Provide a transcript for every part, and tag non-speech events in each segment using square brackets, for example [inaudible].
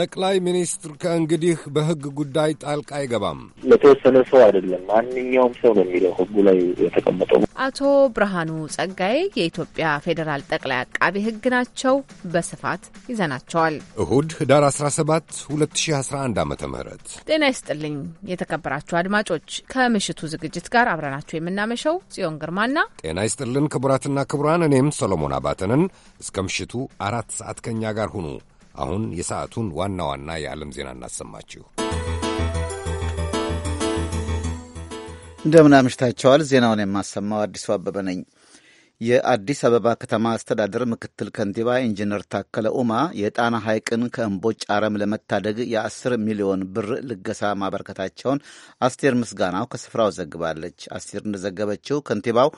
ጠቅላይ ሚኒስትር ከእንግዲህ በህግ ጉዳይ ጣልቃ አይገባም። ለተወሰነ ሰው አይደለም፣ ማንኛውም ሰው ነው የሚለው ሕጉ ላይ የተቀመጠው። አቶ ብርሃኑ ጸጋዬ የኢትዮጵያ ፌዴራል ጠቅላይ አቃቤ ህግ ናቸው። በስፋት ይዘናቸዋል። እሁድ ህዳር 17 2011 ዓ ም ጤና ይስጥልኝ የተከበራችሁ አድማጮች። ከምሽቱ ዝግጅት ጋር አብረናችሁ የምናመሸው ጽዮን ግርማና ጤና ይስጥልን ክቡራትና ክቡራን፣ እኔም ሰሎሞን አባተንን እስከ ምሽቱ አራት ሰዓት ከኛ ጋር ሁኑ። አሁን የሰዓቱን ዋና ዋና የዓለም ዜና እናሰማችሁ። እንደምን አምሽታቸዋል ዜናውን የማሰማው አዲሱ አበበ ነኝ። የአዲስ አበባ ከተማ አስተዳደር ምክትል ከንቲባ ኢንጂነር ታከለ ኡማ የጣና ሐይቅን ከእምቦጭ አረም ለመታደግ የአስር ሚሊዮን ብር ልገሳ ማበረከታቸውን አስቴር ምስጋናው ከስፍራው ዘግባለች። አስቴር እንደዘገበችው ከንቲባው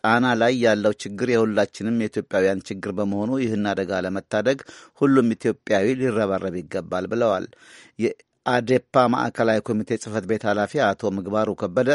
ጣና ላይ ያለው ችግር የሁላችንም የኢትዮጵያውያን ችግር በመሆኑ ይህን አደጋ ለመታደግ ሁሉም ኢትዮጵያዊ ሊረባረብ ይገባል ብለዋል። አዴፓ ማዕከላዊ ኮሚቴ ጽህፈት ቤት ኃላፊ አቶ ምግባሩ ከበደ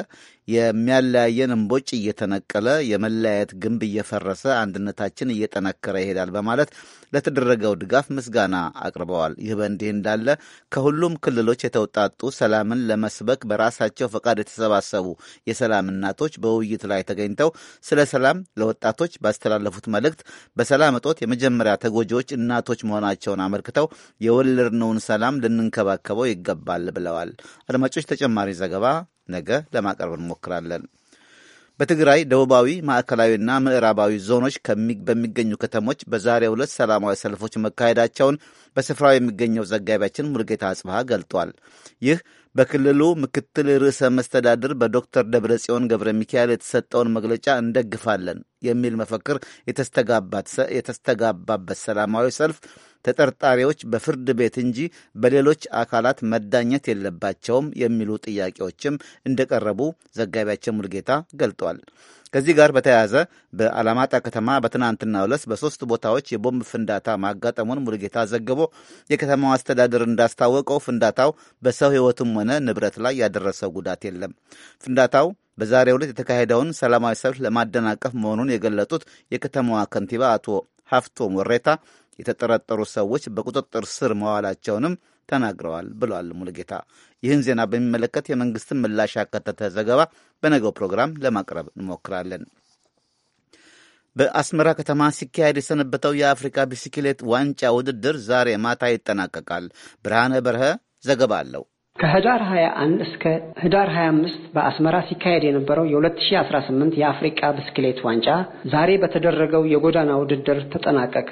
የሚያለያየን እምቦጭ እየተነቀለ የመለያየት ግንብ እየፈረሰ አንድነታችን እየጠነከረ ይሄዳል በማለት ለተደረገው ድጋፍ ምስጋና አቅርበዋል። ይህ በእንዲህ እንዳለ ከሁሉም ክልሎች የተውጣጡ ሰላምን ለመስበክ በራሳቸው ፈቃድ የተሰባሰቡ የሰላም እናቶች በውይይት ላይ ተገኝተው ስለ ሰላም ለወጣቶች ባስተላለፉት መልእክት በሰላም እጦት የመጀመሪያ ተጎጂዎች እናቶች መሆናቸውን አመልክተው የወለድነውን ሰላም ልንንከባከበው ይገባል ብለዋል። አድማጮች ተጨማሪ ዘገባ ነገ ለማቅረብ እንሞክራለን። በትግራይ ደቡባዊ፣ ማዕከላዊና ምዕራባዊ ዞኖች በሚገኙ ከተሞች በዛሬ ሁለት ሰላማዊ ሰልፎች መካሄዳቸውን በስፍራው የሚገኘው ዘጋቢያችን ሙልጌታ አጽብሃ ገልጧል። ይህ በክልሉ ምክትል ርዕሰ መስተዳድር በዶክተር ደብረጽዮን ገብረ ሚካኤል የተሰጠውን መግለጫ እንደግፋለን የሚል መፈክር የተስተጋባበት ሰላማዊ ሰልፍ ተጠርጣሪዎች በፍርድ ቤት እንጂ በሌሎች አካላት መዳኘት የለባቸውም የሚሉ ጥያቄዎችም እንደቀረቡ ዘጋቢያችን ሙልጌታ ገልጧል። ከዚህ ጋር በተያያዘ በአላማጣ ከተማ በትናንትና ዕለት በሶስት ቦታዎች የቦምብ ፍንዳታ ማጋጠሙን ሙሉጌታ ዘግቦ የከተማው አስተዳደር እንዳስታወቀው ፍንዳታው በሰው ሕይወትም ሆነ ንብረት ላይ ያደረሰው ጉዳት የለም። ፍንዳታው በዛሬ ዕለት የተካሄደውን ሰላማዊ ሰልፍ ለማደናቀፍ መሆኑን የገለጡት የከተማዋ ከንቲባ አቶ ሀፍቶ ወሬታ የተጠረጠሩ ሰዎች በቁጥጥር ስር መዋላቸውንም ተናግረዋል ብለዋል ሙሉጌታ። ይህን ዜና በሚመለከት የመንግስትን ምላሽ ያካተተ ዘገባ በነገው ፕሮግራም ለማቅረብ እንሞክራለን። በአስመራ ከተማ ሲካሄድ የሰነበተው የአፍሪካ ቢስክሌት ዋንጫ ውድድር ዛሬ ማታ ይጠናቀቃል። ብርሃነ በርሀ ዘገባ አለው። ከህዳር 21 እስከ ህዳር 25 በአስመራ ሲካሄድ የነበረው የ2018 የአፍሪቃ ብስክሌት ዋንጫ ዛሬ በተደረገው የጎዳና ውድድር ተጠናቀቀ።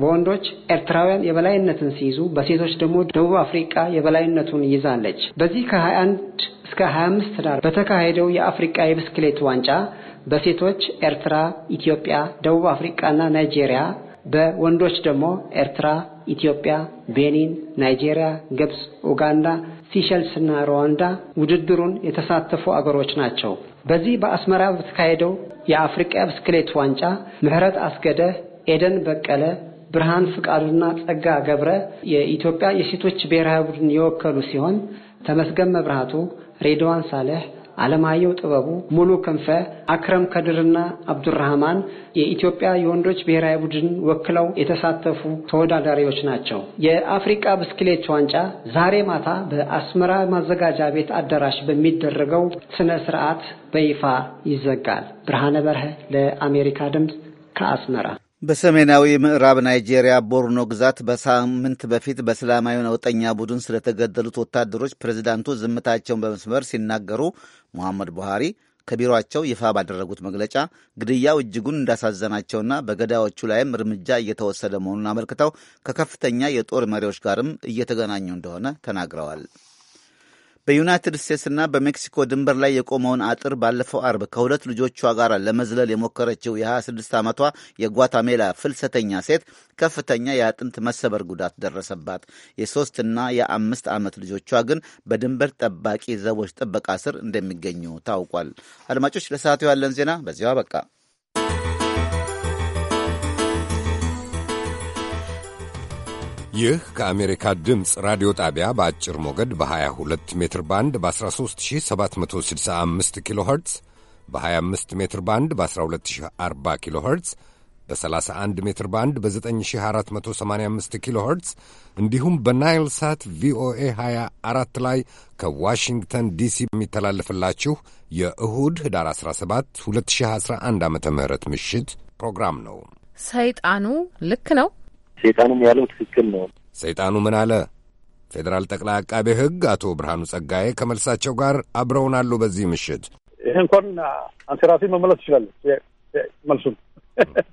በወንዶች ኤርትራውያን የበላይነትን ሲይዙ፣ በሴቶች ደግሞ ደቡብ አፍሪቃ የበላይነቱን ይዛለች። በዚህ ከ21 እስከ 25 ህዳር በተካሄደው የአፍሪቃ የብስክሌት ዋንጫ በሴቶች ኤርትራ፣ ኢትዮጵያ፣ ደቡብ አፍሪቃና ናይጄሪያ በወንዶች ደግሞ ኤርትራ፣ ኢትዮጵያ፣ ቤኒን፣ ናይጄሪያ፣ ግብፅ፣ ኡጋንዳ ሲሸልስና ሩዋንዳ ውድድሩን የተሳተፉ አገሮች ናቸው። በዚህ በአስመራ በተካሄደው የአፍሪቃ ብስክሌት ዋንጫ ምህረት አስገደ፣ ኤደን በቀለ፣ ብርሃን ፍቃዱና ጸጋ ገብረ የኢትዮጵያ የሴቶች ብሔራዊ ቡድን የወከሉ ሲሆን ተመስገን መብራቱ፣ ሬድዋን ሳለህ አለማየሁ ጥበቡ፣ ሙሉ ክንፈ፣ አክረም ከድርና አብዱራህማን የኢትዮጵያ የወንዶች ብሔራዊ ቡድን ወክለው የተሳተፉ ተወዳዳሪዎች ናቸው። የአፍሪቃ ብስክሌት ዋንጫ ዛሬ ማታ በአስመራ ማዘጋጃ ቤት አዳራሽ በሚደረገው ስነ ስርዓት በይፋ ይዘጋል። ብርሃነ በርሀ ለአሜሪካ ድምፅ ከአስመራ በሰሜናዊ ምዕራብ ናይጄሪያ ቦርኖ ግዛት በሳምንት በፊት በእስላማዊ ነውጠኛ ቡድን ስለተገደሉት ወታደሮች ፕሬዚዳንቱ ዝምታቸውን በመስመር ሲናገሩ ሙሐመድ ቡሃሪ ከቢሮአቸው ይፋ ባደረጉት መግለጫ ግድያው እጅጉን እንዳሳዘናቸውና በገዳዮቹ ላይም እርምጃ እየተወሰደ መሆኑን አመልክተው ከከፍተኛ የጦር መሪዎች ጋርም እየተገናኙ እንደሆነ ተናግረዋል። በዩናይትድ ስቴትስና በሜክሲኮ ድንበር ላይ የቆመውን አጥር ባለፈው አርብ ከሁለት ልጆቿ ጋር ለመዝለል የሞከረችው የ26 ዓመቷ የጓታሜላ ፍልሰተኛ ሴት ከፍተኛ የአጥንት መሰበር ጉዳት ደረሰባት። የሶስትና የአምስት ዓመት ልጆቿ ግን በድንበር ጠባቂ ዘቦች ጥበቃ ስር እንደሚገኙ ታውቋል። አድማጮች፣ ለሰዓቱ ያለን ዜና በዚያው አበቃ። ይህ ከአሜሪካ ድምፅ ራዲዮ ጣቢያ በአጭር ሞገድ በ22 ሜትር ባንድ በ13765 ኪሎ ኸርትዝ በ25 ሜትር ባንድ በ1240 ኪሎ ኸርትዝ በ31 ሜትር ባንድ በ9485 ኪሎ ኸርትዝ እንዲሁም በናይል ሳት ቪኦኤ 24 ላይ ከዋሽንግተን ዲሲ የሚተላለፍላችሁ የእሁድ ህዳር 17 2011 ዓ ም ምሽት ፕሮግራም ነው። ሰይጣኑ ልክ ነው። ሰይጣኑም ያለው ትክክል ነው። ሰይጣኑ ምን አለ? ፌዴራል ጠቅላይ አቃቤ ሕግ አቶ ብርሃኑ ጸጋዬ ከመልሳቸው ጋር አብረውን አሉ። በዚህ ምሽት ይህ እንኳን አንተ ራስህ መመለስ ትችላለህ። መልሱም [laughs]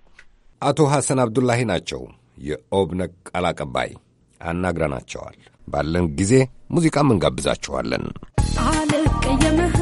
አቶ ሐሰን አብዱላሂ ናቸው፣ የኦብነግ ቃል አቀባይ። አናግረናቸዋል። ባለን ጊዜ ሙዚቃም እንጋብዛችኋለን። አልቀየምህ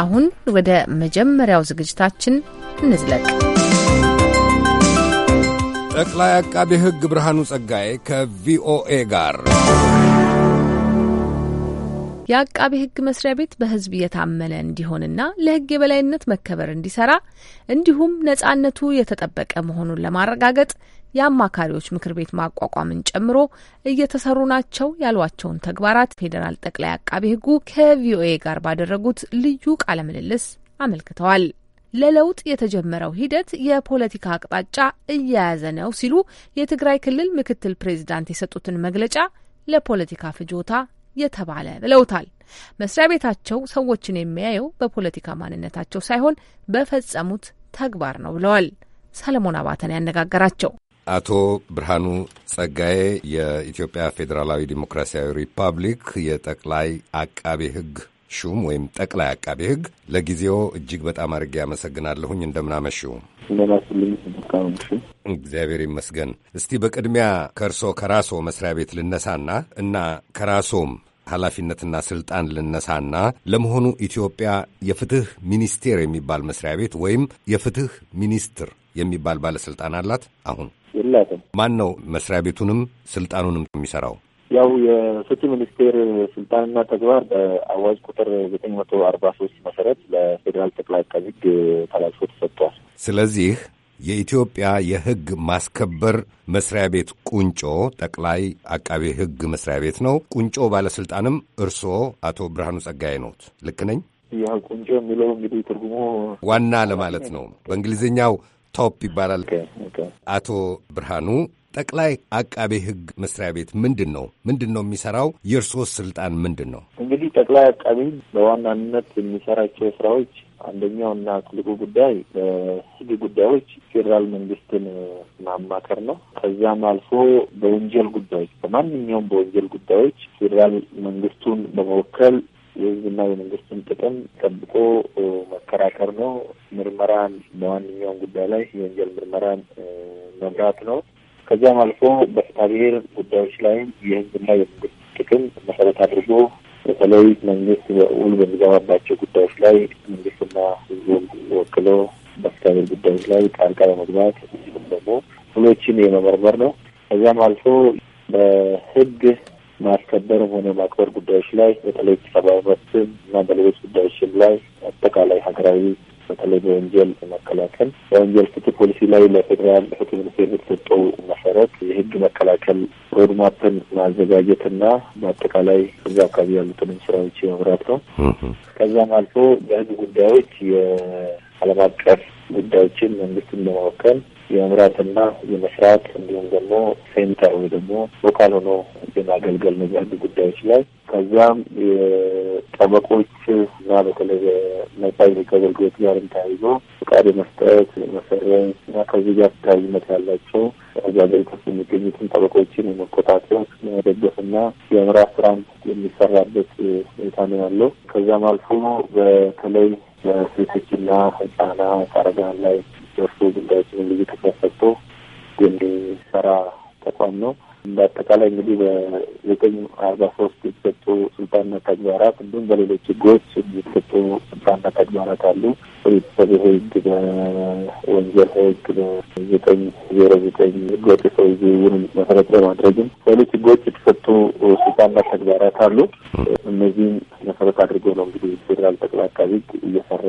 አሁን ወደ መጀመሪያው ዝግጅታችን እንዝለቅ። ጠቅላይ አቃቤ ሕግ ብርሃኑ ጸጋዬ ከቪኦኤ ጋር የአቃቤ ሕግ መስሪያ ቤት በሕዝብ እየታመነ እንዲሆንና ለሕግ የበላይነት መከበር እንዲሰራ እንዲሁም ነጻነቱ የተጠበቀ መሆኑን ለማረጋገጥ የአማካሪዎች ምክር ቤት ማቋቋምን ጨምሮ እየተሰሩ ናቸው ያሏቸውን ተግባራት ፌዴራል ጠቅላይ አቃቤ ሕጉ ከቪኦኤ ጋር ባደረጉት ልዩ ቃለ ምልልስ አመልክተዋል። ለለውጥ የተጀመረው ሂደት የፖለቲካ አቅጣጫ እየያዘ ነው ሲሉ የትግራይ ክልል ምክትል ፕሬዚዳንት የሰጡትን መግለጫ ለፖለቲካ ፍጆታ የተባለ ብለውታል። መስሪያ ቤታቸው ሰዎችን የሚያየው በፖለቲካ ማንነታቸው ሳይሆን በፈጸሙት ተግባር ነው ብለዋል። ሰለሞን አባተን ያነጋገራቸው አቶ ብርሃኑ ጸጋዬ የኢትዮጵያ ፌዴራላዊ ዲሞክራሲያዊ ሪፐብሊክ የጠቅላይ አቃቤ ሕግ ሹም ወይም ጠቅላይ አቃቤ ሕግ ለጊዜው እጅግ በጣም አድርጌ አመሰግናለሁኝ። እንደምናመሽው እግዚአብሔር ይመስገን። እስቲ በቅድሚያ ከእርሶ ከራሶ መስሪያ ቤት ልነሳና እና ከራሶም ኃላፊነትና ስልጣን ልነሳና ለመሆኑ ኢትዮጵያ የፍትህ ሚኒስቴር የሚባል መስሪያ ቤት ወይም የፍትህ ሚኒስትር የሚባል ባለስልጣን አላት? አሁን የላትም። ማን ነው መስሪያ ቤቱንም ስልጣኑንም የሚሰራው? ያው የፍትህ ሚኒስቴር ስልጣንና ተግባር በአዋጅ ቁጥር ዘጠኝ መቶ አርባ ሶስት መሰረት ለፌዴራል ጠቅላይ አቃቤ ሕግ ተላልፎ ተሰጥቷል። ስለዚህ የኢትዮጵያ የሕግ ማስከበር መስሪያ ቤት ቁንጮ ጠቅላይ አቃቤ ሕግ መስሪያ ቤት ነው። ቁንጮ ባለስልጣንም እርስዎ አቶ ብርሃኑ ጸጋዬ ነዎት። ልክ ነኝ? ያ ቁንጮ የሚለው እንግዲህ ትርጉሙ ዋና ለማለት ነው። በእንግሊዝኛው ቶፕ ይባላል። አቶ ብርሃኑ ጠቅላይ አቃቤ ሕግ መስሪያ ቤት ምንድን ነው? ምንድን ነው የሚሰራው? የእርሶስ ስልጣን ምንድን ነው? እንግዲህ ጠቅላይ አቃቤ ሕግ በዋናነት የሚሰራቸው ስራዎች አንደኛው እና ትልቁ ጉዳይ በሕግ ጉዳዮች ፌዴራል መንግስትን ማማከር ነው። ከዚያም አልፎ በወንጀል ጉዳዮች በማንኛውም በወንጀል ጉዳዮች ፌዴራል መንግስቱን በመወከል የህዝብና የመንግስትን ጥቅም ጠብቆ መከራከር ነው። ምርመራን በማንኛውም ጉዳይ ላይ የወንጀል ምርመራን መምራት ነው። ከዚያም አልፎ በፍትሐ ብሔር ጉዳዮች ላይ የህዝብና የመንግስት ጥቅም መሰረት አድርጎ በተለይ መንግስት ውል በሚገባባቸው ጉዳዮች ላይ መንግስትና ህዝቡን ወክሎ በፍትሐ ብሔር ጉዳዮች ላይ ጣልቃ በመግባት እንዲሁም ደግሞ ሁሎችን የመመርመር ነው። ከዚያም አልፎ በህግ ማስከበርም ሆነ ማክበር ጉዳዮች ላይ በተለይ ሰብአዊ መብትም እና በሌሎች ጉዳዮችም ላይ አጠቃላይ ሀገራዊ በተለይ በወንጀል መከላከል በወንጀል ፍትህ ፖሊሲ ላይ ለፌዴራል ፍትህ ሚኒስቴር የተሰጠው መሰረት የህግ መከላከል ሮድማፕን ማዘጋጀትና በአጠቃላይ እዛ አካባቢ ያሉትንም ስራዎች የመምራት ነው። ከዛም አልፎ በህግ ጉዳዮች የዓለም አቀፍ ጉዳዮችን መንግስትን በመወከል የመምራትና የመስራት እንዲሁም ደግሞ ሴንተር ወይ ደግሞ ሎካል ሆኖ የማገልገል ነው በህግ ጉዳዮች ላይ። ከዚያም የጠበቆች እና በተለይ ነጻ የህግ አገልግሎት ጋርም ተያይዞ ፈቃድ የመስጠት የመሰረዝ እና ከዚህ ጋር ተያያዥነት ያላቸው በዚህ ሀገሪቱ ውስጥ የሚገኙትን ጠበቆችን የመቆጣጠር የመደገፍና የምራት ስራም የሚሰራበት ሁኔታ ነው ያለው። ከዚያም አልፎ በተለይ በሴቶችና ህጻናት አረጋን ላይ የሚደርሱ ጉዳዮችን ልዩ ትኩረት ሰጥቶ የሚሰራ ተቋም ነው። እንደ አጠቃላይ እንግዲህ በዘጠኝ አርባ ሶስት የተሰጡ ስልጣንና ተግባራት እንዲሁም በሌሎች ህጎች የተሰጡ ስልጣንና ተግባራት አሉ። በቤተሰብ ህግ፣ በወንጀል ህግ፣ በዘጠኝ ዜሮ ዘጠኝ ህገወጥ የሰው ዝውውርን መሰረት በማድረግም ሌሎች ህጎች የተሰጡ ስልጣንና ተግባራት አሉ። እነዚህም መሰረት አድርጎ ነው እንግዲህ ፌዴራል ጠቅላይ አቃቤ ህግ እየሰራ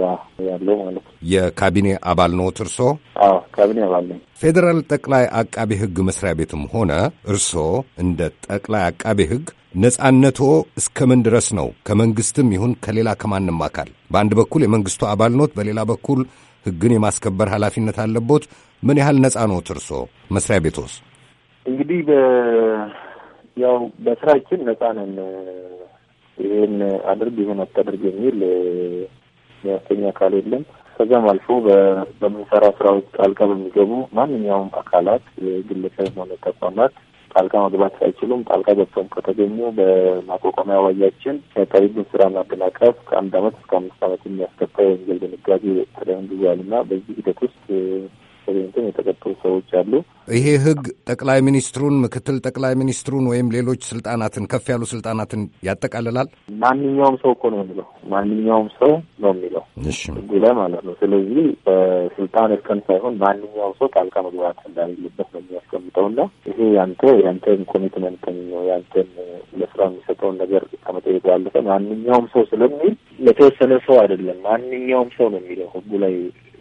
ያለው ማለት ነው። የካቢኔ አባል ነዎት እርስዎ? አዎ ካቢኔ አባል ነኝ። ፌዴራል ጠቅላይ አቃቤ ህግ መስሪያ ቤትም ሆነ እርስዎ እንደ ጠቅላይ አቃቤ ህግ ነጻነቶ እስከምን ድረስ ነው? ከመንግስትም ይሁን ከሌላ ከማንም አካል በአንድ በኩል የመንግስቱ አባል ኖት፣ በሌላ በኩል ህግን የማስከበር ኃላፊነት አለቦት። ምን ያህል ነጻ ኖት እርሶ መስሪያ ቤቶስ? እንግዲህ ያው በስራችን ነጻ ነን። ይህን አድርግ ይሁን አታድርግ የሚል የሚያሰኝ አካል የለም። ከዚያም አልፎ በምንሰራ ስራ ውስጥ ጣልቃ በሚገቡ ማንኛውም አካላት ግለሰብ ሆነ ተቋማት ጣልቃ መግባት አይችሉም። ጣልቃ ገብተውም ከተገኙ በማቋቋሚያ አዋጃችን የጠሪግን ስራ ማደናቀፍ ከአንድ አመት እስከ አምስት አመት የሚያስከታ የወንጀል ድንጋጌ ተደንግጓል እና በዚህ ሂደት ውስጥ ተገኝተው የተቀጠሩ ሰዎች አሉ። ይሄ ህግ ጠቅላይ ሚኒስትሩን፣ ምክትል ጠቅላይ ሚኒስትሩን ወይም ሌሎች ስልጣናትን ከፍ ያሉ ስልጣናትን ያጠቃልላል። ማንኛውም ሰው እኮ ነው የሚለው ማንኛውም ሰው ነው የሚለው ህጉ ላይ ማለት ነው። ስለዚህ በስልጣን እርከን ሳይሆን ማንኛውም ሰው ጣልቃ መግባት እንዳሌለበት ነው የሚያስቀምጠውና ይሄ ያንተ ያንተን ኮሚትመንትን ነው ያንተን ለስራ የሚሰጠውን ነገር ከመጠየቅ ባለፈ ማንኛውም ሰው ስለሚል ለተወሰነ ሰው አይደለም ማንኛውም ሰው ነው የሚለው ህጉ ላይ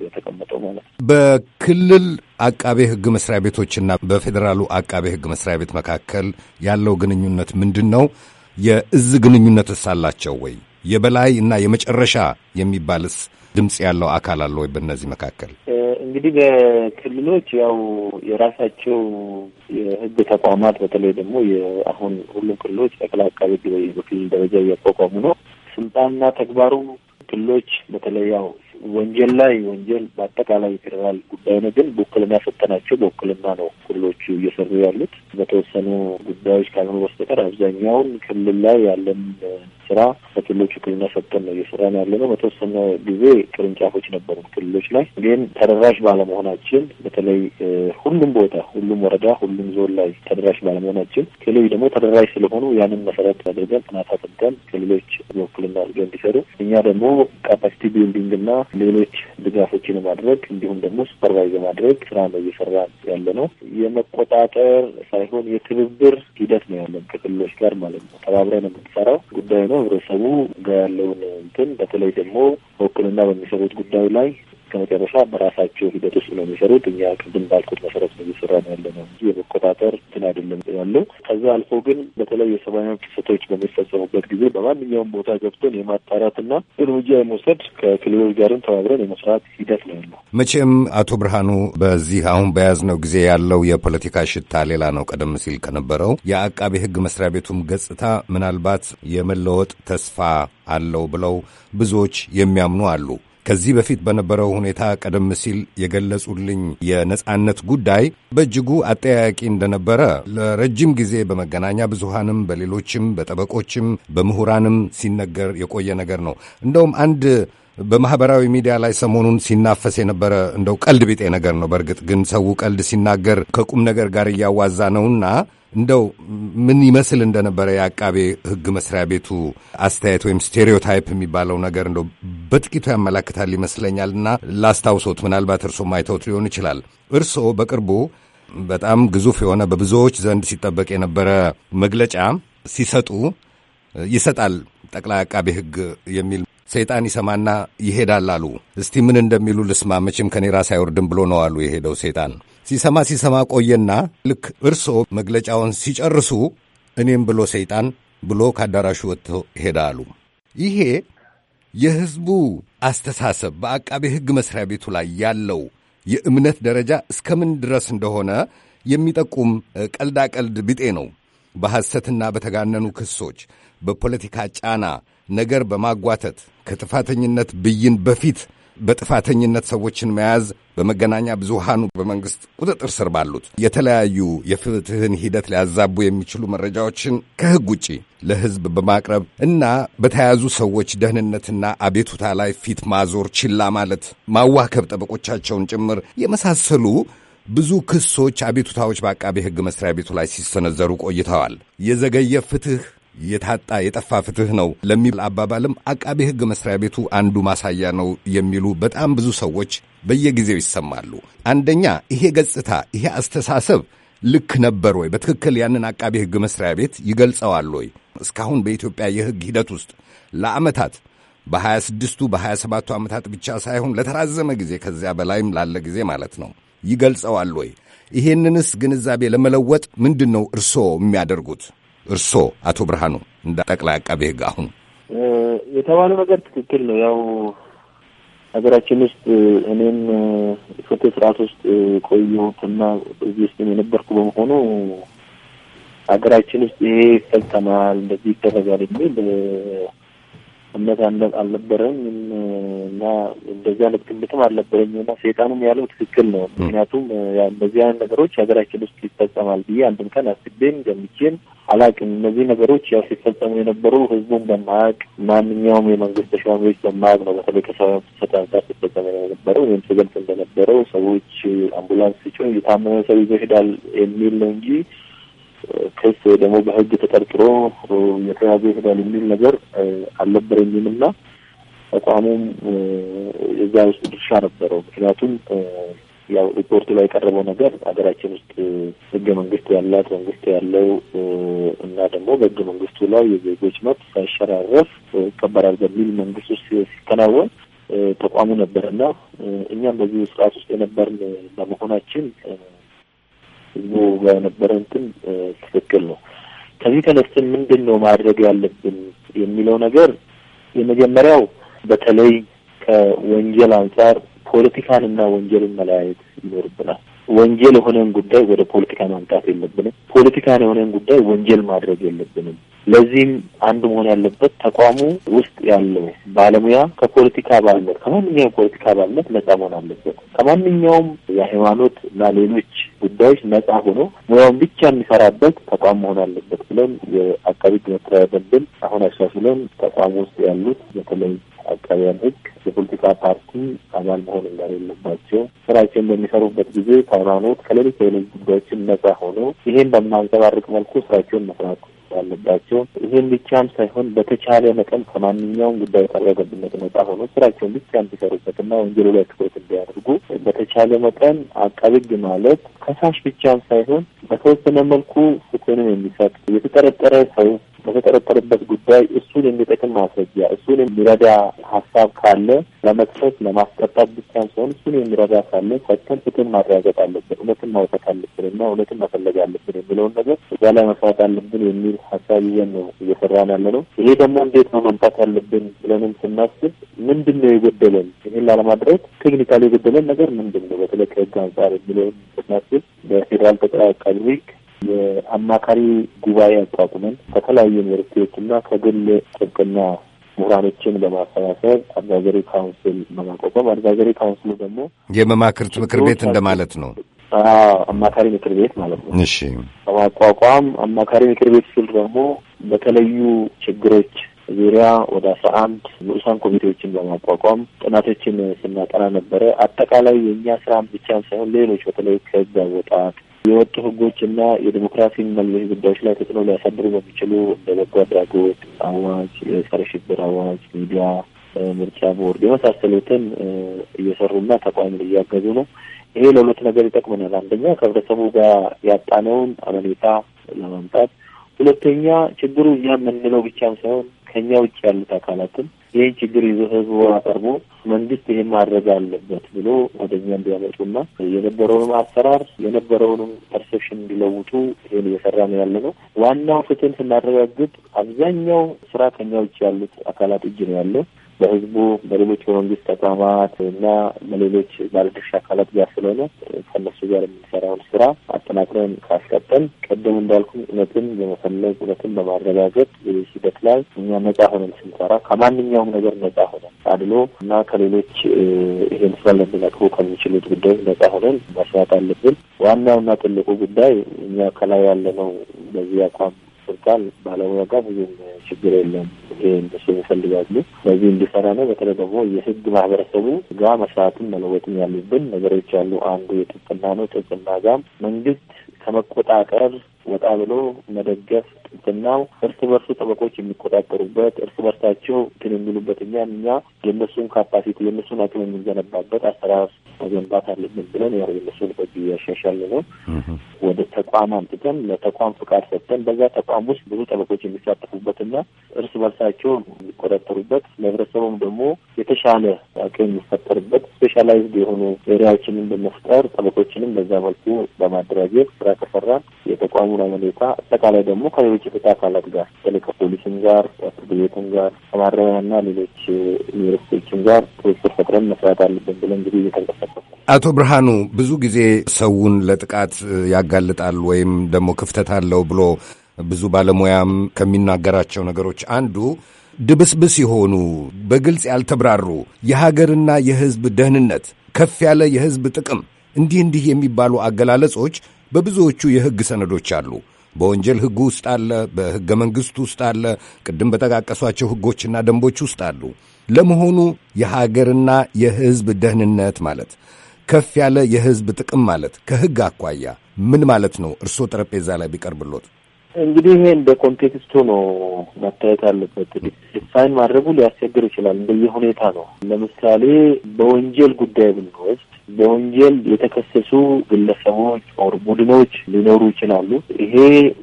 የተቀመጠው ማለት ነው። በክልል አቃቤ ሕግ መስሪያ ቤቶችና በፌዴራሉ አቃቤ ሕግ መስሪያ ቤት መካከል ያለው ግንኙነት ምንድን ነው? የእዝ ግንኙነትስ አላቸው ወይ? የበላይ እና የመጨረሻ የሚባልስ ድምፅ ያለው አካል አለ ወይ? በእነዚህ መካከል እንግዲህ በክልሎች ያው የራሳቸው የህግ ተቋማት በተለይ ደግሞ የአሁን ሁሉም ክልሎች ጠቅላይ አቃቤ ሕግ በክልል ደረጃ እያቋቋሙ ነው። ስልጣንና ተግባሩ ክልሎች በተለይ ያው ወንጀል ላይ ወንጀል በአጠቃላይ የፌዴራል ጉዳይ ነው። ግን በውክልና ሰጠናቸው። በውክልና ነው ሁሎቹ እየሰሩ ያሉት በተወሰኑ ጉዳዮች ካልሆነ በስተቀር አብዛኛውን ክልል ላይ ያለን ስራ በክልሎቹ ክልና ሰጠን ነው እየሰራ ነው ያለ ነው። በተወሰነ ጊዜ ቅርንጫፎች ነበሩ ክልሎች ላይ ግን ተደራሽ ባለመሆናችን በተለይ ሁሉም ቦታ፣ ሁሉም ወረዳ፣ ሁሉም ዞን ላይ ተደራሽ ባለመሆናችን ክልል ደግሞ ተደራሽ ስለሆኑ ያንን መሰረት አድርገን ጥናት አጥንተን ክልሎች በውክልና አድርገን እንዲሰሩ እኛ ደግሞ ካፓሲቲ ቢልዲንግ እና ሌሎች ድጋፎችን ማድረግ እንዲሁም ደግሞ ሱፐርቫይዝ ማድረግ ስራ ነው እየሰራ ያለ ነው። የመቆጣጠር ሳይሆን የትብብር ሂደት ነው ያለን ከክልሎች ጋር ማለት ነው። ተባብረን የምትሰራው ጉዳይ ነው። ህብረተሰቡ ጋር ያለውን እንትን በተለይ ደግሞ በውክልና በሚሰሩት ጉዳይ ላይ ከመጨረሻ በራሳቸው ሂደት ውስጥ ነው የሚሰሩት። እኛ ቅድም ባልኩት መሰረት ነው እየሰራ ነው ያለ ነው እንጂ የመቆጣጠር እንትን አይደለም ያለው። ከዛ አልፎ ግን በተለይ የሰብአዊ መብት ጥሰቶች በሚፈጸሙበት ጊዜ በማንኛውም ቦታ ገብቶን የማጣራትና እርምጃ የመውሰድ ከክልሎች ጋርም ተባብረን የመስራት ሂደት ነው ያለው። መቼም አቶ ብርሃኑ በዚህ አሁን በያዝነው ጊዜ ያለው የፖለቲካ ሽታ ሌላ ነው ቀደም ሲል ከነበረው። የአቃቤ ሕግ መስሪያ ቤቱም ገጽታ ምናልባት የመለወጥ ተስፋ አለው ብለው ብዙዎች የሚያምኑ አሉ። ከዚህ በፊት በነበረው ሁኔታ ቀደም ሲል የገለጹልኝ የነጻነት ጉዳይ በእጅጉ አጠያያቂ እንደነበረ ለረጅም ጊዜ በመገናኛ ብዙሃንም፣ በሌሎችም፣ በጠበቆችም፣ በምሁራንም ሲነገር የቆየ ነገር ነው። እንደውም አንድ በማህበራዊ ሚዲያ ላይ ሰሞኑን ሲናፈስ የነበረ እንደው ቀልድ ቢጤ ነገር ነው። በእርግጥ ግን ሰው ቀልድ ሲናገር ከቁም ነገር ጋር እያዋዛ ነውና እንደው ምን ይመስል እንደነበረ የአቃቤ ሕግ መስሪያ ቤቱ አስተያየት ወይም ስቴሪዮታይፕ የሚባለው ነገር እንደው በጥቂቱ ያመላክታል ይመስለኛል እና ላስታውሶት፣ ምናልባት እርሶ ማይተውት ሊሆን ይችላል። እርስዎ በቅርቡ በጣም ግዙፍ የሆነ በብዙዎች ዘንድ ሲጠበቅ የነበረ መግለጫ ሲሰጡ ይሰጣል ጠቅላይ አቃቤ ሕግ የሚል ሰይጣን ይሰማና ይሄዳል አሉ። እስቲ ምን እንደሚሉ ልስማ፣ መቼም ከኔ ራስ አይወርድም ብሎ ነው አሉ የሄደው ሰይጣን። ሲሰማ ሲሰማ ቆየና ልክ እርሶ መግለጫውን ሲጨርሱ እኔም ብሎ ሰይጣን ብሎ ከአዳራሹ ወጥቶ ሄዳ አሉ። ይሄ የህዝቡ አስተሳሰብ በአቃቤ ሕግ መስሪያ ቤቱ ላይ ያለው የእምነት ደረጃ እስከምን ድረስ እንደሆነ የሚጠቁም ቀልዳቀልድ ቢጤ ነው። በሐሰትና በተጋነኑ ክሶች፣ በፖለቲካ ጫና ነገር በማጓተት ከጥፋተኝነት ብይን በፊት በጥፋተኝነት ሰዎችን መያዝ በመገናኛ ብዙሃኑ በመንግስት ቁጥጥር ስር ባሉት የተለያዩ የፍትህን ሂደት ሊያዛቡ የሚችሉ መረጃዎችን ከህግ ውጪ ለህዝብ በማቅረብ እና በተያያዙ ሰዎች ደህንነትና አቤቱታ ላይ ፊት ማዞር፣ ችላ ማለት፣ ማዋከብ ጠበቆቻቸውን ጭምር የመሳሰሉ ብዙ ክሶች፣ አቤቱታዎች በአቃቤ ህግ መስሪያ ቤቱ ላይ ሲሰነዘሩ ቆይተዋል። የዘገየ ፍትህ የታጣ የጠፋ ፍትህ ነው ለሚል አባባልም አቃቤ ሕግ መስሪያ ቤቱ አንዱ ማሳያ ነው የሚሉ በጣም ብዙ ሰዎች በየጊዜው ይሰማሉ። አንደኛ ይሄ ገጽታ ይሄ አስተሳሰብ ልክ ነበር ወይ? በትክክል ያንን አቃቤ ሕግ መስሪያ ቤት ይገልጸዋል ወይ? እስካሁን በኢትዮጵያ የሕግ ሂደት ውስጥ ለዓመታት በ26ቱ በ27ቱ ዓመታት ብቻ ሳይሆን ለተራዘመ ጊዜ ከዚያ በላይም ላለ ጊዜ ማለት ነው ይገልጸዋል ወይ? ይሄንንስ ግንዛቤ ለመለወጥ ምንድን ነው እርስዎ የሚያደርጉት? እርስዎ አቶ ብርሃኑ እንደ ጠቅላይ አቃቤ ህግ አሁን የተባለው ነገር ትክክል ነው። ያው ሀገራችን ውስጥ እኔም ፍርድ ስርዓት ውስጥ እና እዚህ ውስጥ የነበርኩ በመሆኑ ሀገራችን ውስጥ ይሄ ይፈጸማል፣ እንደዚህ ይደረጋል የሚል እምነት አልነበረኝም እና እንደዚያ አይነት ግምትም አልነበረኝም እና ሴጣኑም ያለው ትክክል ነው። ምክንያቱም እንደዚህ አይነት ነገሮች ሀገራችን ውስጥ ይፈጸማል ብዬ አንድም ቀን አስቤም ገምቼም አላቅም። እነዚህ ነገሮች ያው ሲፈጸሙ የነበሩ ህዝቡን በማያቅ ማንኛውም የመንግስት ተሿሚዎች በማያቅ ነው። በተለይ ከሰብዓዊ መብት አንጻር ሲፈጸም የነበረው ወይም ስገልጽ እንደነበረው ሰዎች አምቡላንስ ሲጮ የታመመ ሰው ይዞ ሄዳል የሚል ነው እንጂ ክስ ወይ ደግሞ በህግ ተጠርጥሮ የተያዘ ይሄዳል የሚል ነገር አልነበረኝም እና ተቋሙም የዛ ውስጥ ድርሻ ነበረው። ምክንያቱም ያው ሪፖርቱ ላይ የቀረበው ነገር ሀገራችን ውስጥ ህገ መንግስት ያላት መንግስት ያለው እና ደግሞ በህገ መንግስቱ ላይ የዜጎች መብት ሳይሸራረፍ ይከበራል በሚል መንግስት ውስጥ ሲከናወን ተቋሙ ነበርና እኛም በዚህ ስርዓት ውስጥ የነበርን በመሆናችን ህዝቡ ጋር እንትን ትክክል ነው። ከዚህ ተነስተን ምንድን ነው ማድረግ ያለብን የሚለው ነገር የመጀመሪያው በተለይ ከወንጀል አንጻር ፖለቲካንና ወንጀልን መለያየት ይኖርብናል። ወንጀል የሆነን ጉዳይ ወደ ፖለቲካ ማምጣት የለብንም። ፖለቲካን የሆነን ጉዳይ ወንጀል ማድረግ የለብንም። ለዚህም አንዱ መሆን ያለበት ተቋሙ ውስጥ ያለው ባለሙያ ከፖለቲካ አባልነት ከማንኛውም ፖለቲካ አባልነት ነጻ መሆን አለበት። ከማንኛውም የሃይማኖት እና ሌሎች ጉዳዮች ነጻ ሆኖ ሙያውን ብቻ የሚሰራበት ተቋም መሆን አለበት ብለን የአቃቤ ሕግ መተዳደሪያ ደንብን አሁን አሻሽለን ተቋሙ ውስጥ ያሉት በተለይ አቃቢያን ሕግ የፖለቲካ ፓርቲ አባል መሆን እንደሌለባቸው ስራቸውን በሚሰሩበት ጊዜ ከሃይማኖት ከሌሎች ከሌሎች ጉዳዮችን ነጻ ሆኖ ይሄን በማንጸባርቅ መልኩ ስራቸውን መስራት ያለባቸው። ይህም ብቻም ሳይሆን በተቻለ መጠን ከማንኛውም ጉዳይ ጣልቃ ገብነት ነጻ ሆኖ ስራቸውን ብቻ እንዲሰሩበትና ወንጀሉ ላይ ትኩረት እንዲያደርጉ በተቻለ መጠን አቃቤ ሕግ ማለት ከሳሽ ብቻም ሳይሆን በተወሰነ መልኩ ፍትህንም የሚሰጥ የተጠረጠረ ሰው በተጠረጠረበት ጉዳይ እሱን የሚጠቅም ማስረጃ እሱን የሚረዳ ሀሳብ ካለ ለመክሰስ ለማስቀጣት ብቻም ሲሆን እሱን የሚረዳ ካለ ፈተን ፍትህን ማረጋገጥ አለብን፣ እውነትን ማውጣት አለብን እና እውነትን መፈለግ አለብን የሚለውን ነገር እዛ ላይ መስራት አለብን የሚል ሀሳብ ይዘን ነው እየሰራን ያለ ነው። ይሄ ደግሞ እንዴት ነው መምጣት ያለብን ብለንም ስናስብ ምንድን ነው የጎደለን ይህን ላለማድረግ ቴክኒካል የጎደለን ነገር ምንድን ነው በተለይ ከህግ አንጻር የሚለውን ስናስብ በፌዴራል ጠቅላይ አቃቢ ህግ የአማካሪ ጉባኤ አቋቁመን ከተለያዩ ዩኒቨርሲቲዎችና ከግል ጥብቅና ምሁራኖችን በማሰባሰብ አድቫይዘሪ ካውንስል በማቋቋም አድቫይዘሪ ካውንስሉ ደግሞ የመማክርት ምክር ቤት እንደማለት ነው። አማካሪ ምክር ቤት ማለት ነው። እሺ፣ በማቋቋም አማካሪ ምክር ቤት ስል ደግሞ በተለዩ ችግሮች ዙሪያ ወደ አስራ አንድ ንዑሳን ኮሚቴዎችን በማቋቋም ጥናቶችን ስናጠና ነበረ። አጠቃላይ የእኛ ስራም ብቻም ሳይሆን ሌሎች በተለይ ከህግ አወጣት የወጡ ህጎችና የዲሞክራሲ መልበሽ ጉዳዮች ላይ ተጽዕኖ ሊያሳድሩ በሚችሉ እንደ በጎ አድራጎት አዋጅ፣ የጸረ ሽብር አዋጅ፣ ሚዲያ፣ ምርጫ ቦርድ የመሳሰሉትን እየሰሩና ተቋሚ እያገዙ ነው። ይሄ ለሁለት ነገር ይጠቅመናል። አንደኛ ከህብረተሰቡ ጋር ያጣነውን አመኔታ ለማምጣት፣ ሁለተኛ ችግሩ እኛ የምንለው ብቻም ሳይሆን ከኛ ውጭ ያሉት አካላትም ይህን ችግር ይዞ ህዝቡ አቀርቦ መንግስት ይህን ማድረግ አለበት ብሎ ወደኛ እንዲያመጡና የነበረውንም አሰራር የነበረውንም ፐርሴፕሽን እንዲለውጡ ይህን እየሰራ ነው ያለ ነው። ዋናው ፍትህን ስናረጋግጥ አብዛኛው ስራ ከኛ ውጭ ያሉት አካላት እጅ ነው ያለው። በህዝቡ በሌሎች የመንግስት ተቋማት እና በሌሎች ባለድርሻ አካላት ጋር ስለሆነ ከነሱ ጋር የምንሰራውን ስራ አጠናክረን ካስቀጠል ቀደም እንዳልኩም እውነትን የመፈለግ እውነትን በማረጋገጥ ሂደት ላይ እኛ ነጻ ሆነን ስንሰራ ከማንኛውም ነገር ነጻ ሆነን አድሎ እና ከሌሎች ይሄን ስራ ለሚነቅፉ ከሚችሉት ጉዳዮች ነጻ ሆነን መስራት አለብን። ዋናውና ትልቁ ጉዳይ እኛ ከላይ ያለነው በዚህ አቋም ስልጣን ባለሙያ ጋር ብዙም ችግር የለም። ይሄ እንደሱ ይፈልጋሉ። በዚህ እንዲሰራ ነው። በተለይ ደግሞ የህግ ማህበረሰቡ ጋር መስራትን መለወጥም ያሉብን ነገሮች አሉ። አንዱ የጥብቅና ነው። ጥብቅና ጋም መንግስት ከመቆጣጠር ወጣ ብሎ መደገፍ ጥብቅናው እርስ በርሱ ጠበቆች የሚቆጣጠሩበት እርስ በርሳቸው እንትን የሚሉበት እኛ እኛ የእነሱን ካፓሲቲ የእነሱን አቅም የምንገነባበት አሰራር መገንባት አለብን ብለን ያው የምስል በግ ያሻሻል ነው ወደ ተቋም አምጥተን ለተቋም ፍቃድ ሰጥተን በዛ ተቋም ውስጥ ብዙ ጠበቆች የሚሳተፉበት የሚሳተፉበትና እርስ በርሳቸው የሚቆጣጠሩበት ለህብረተሰቡም ደግሞ የተሻለ አቅም የሚፈጠርበት ስፔሻላይዝድ የሆኑ ኤሪያዎችንም በመፍጠር ጠበቆችንም በዛ መልኩ በማደራጀት ስራ ከሰራን የተቋሙን አመኔታ አጠቃላይ ደግሞ ከሌሎች የፍትህ አካላት ጋር በተለይ ከፖሊስም ጋር ከፍርድ ቤትም ጋር ከማረሚያና ሌሎች ዩኒቨርሲቲዎችም ጋር ትብብር ፈጥረን መስራት አለብን ብለን እንግዲህ እየተንቀሳቀስ አቶ ብርሃኑ ብዙ ጊዜ ሰውን ለጥቃት ያጋልጣል ወይም ደግሞ ክፍተት አለው ብሎ ብዙ ባለሙያም ከሚናገራቸው ነገሮች አንዱ ድብስብስ የሆኑ በግልጽ ያልተብራሩ የሀገርና የሕዝብ ደህንነት፣ ከፍ ያለ የሕዝብ ጥቅም እንዲህ እንዲህ የሚባሉ አገላለጾች በብዙዎቹ የሕግ ሰነዶች አሉ። በወንጀል ሕጉ ውስጥ አለ፣ በሕገ መንግሥቱ ውስጥ አለ፣ ቅድም በጠቃቀሷቸው ሕጎችና ደንቦች ውስጥ አሉ። ለመሆኑ የሀገርና የሕዝብ ደህንነት ማለት ከፍ ያለ የሕዝብ ጥቅም ማለት ከሕግ አኳያ ምን ማለት ነው? እርስዎ ጠረጴዛ ላይ ቢቀርብሎት። እንግዲህ ይሄ እንደ ኮንቴክስቱ ነው መታየት አለበት። ዲፋይን ማድረጉ ሊያስቸግር ይችላል። ሁኔታ ነው። ለምሳሌ በወንጀል ጉዳይ ብንወስድ በወንጀል የተከሰሱ ግለሰቦች ኦር ቡድኖች ሊኖሩ ይችላሉ። ይሄ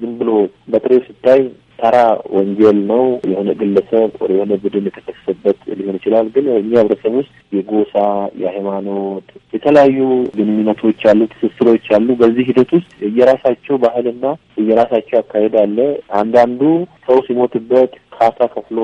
ዝም ብሎ በጥሬ ስታይ ተራ ወንጀል ነው። የሆነ ግለሰብ ወደ የሆነ ቡድን የተከሰሰበት ሊሆን ይችላል። ግን እኛ ህብረተሰብ ውስጥ የጎሳ የሃይማኖት፣ የተለያዩ ግንኙነቶች አሉ፣ ትስስሮች አሉ። በዚህ ሂደት ውስጥ የየራሳቸው ባህልና የየራሳቸው አካሄድ አለ። አንዳንዱ ሰው ሲሞትበት ካሳ ከፍሎ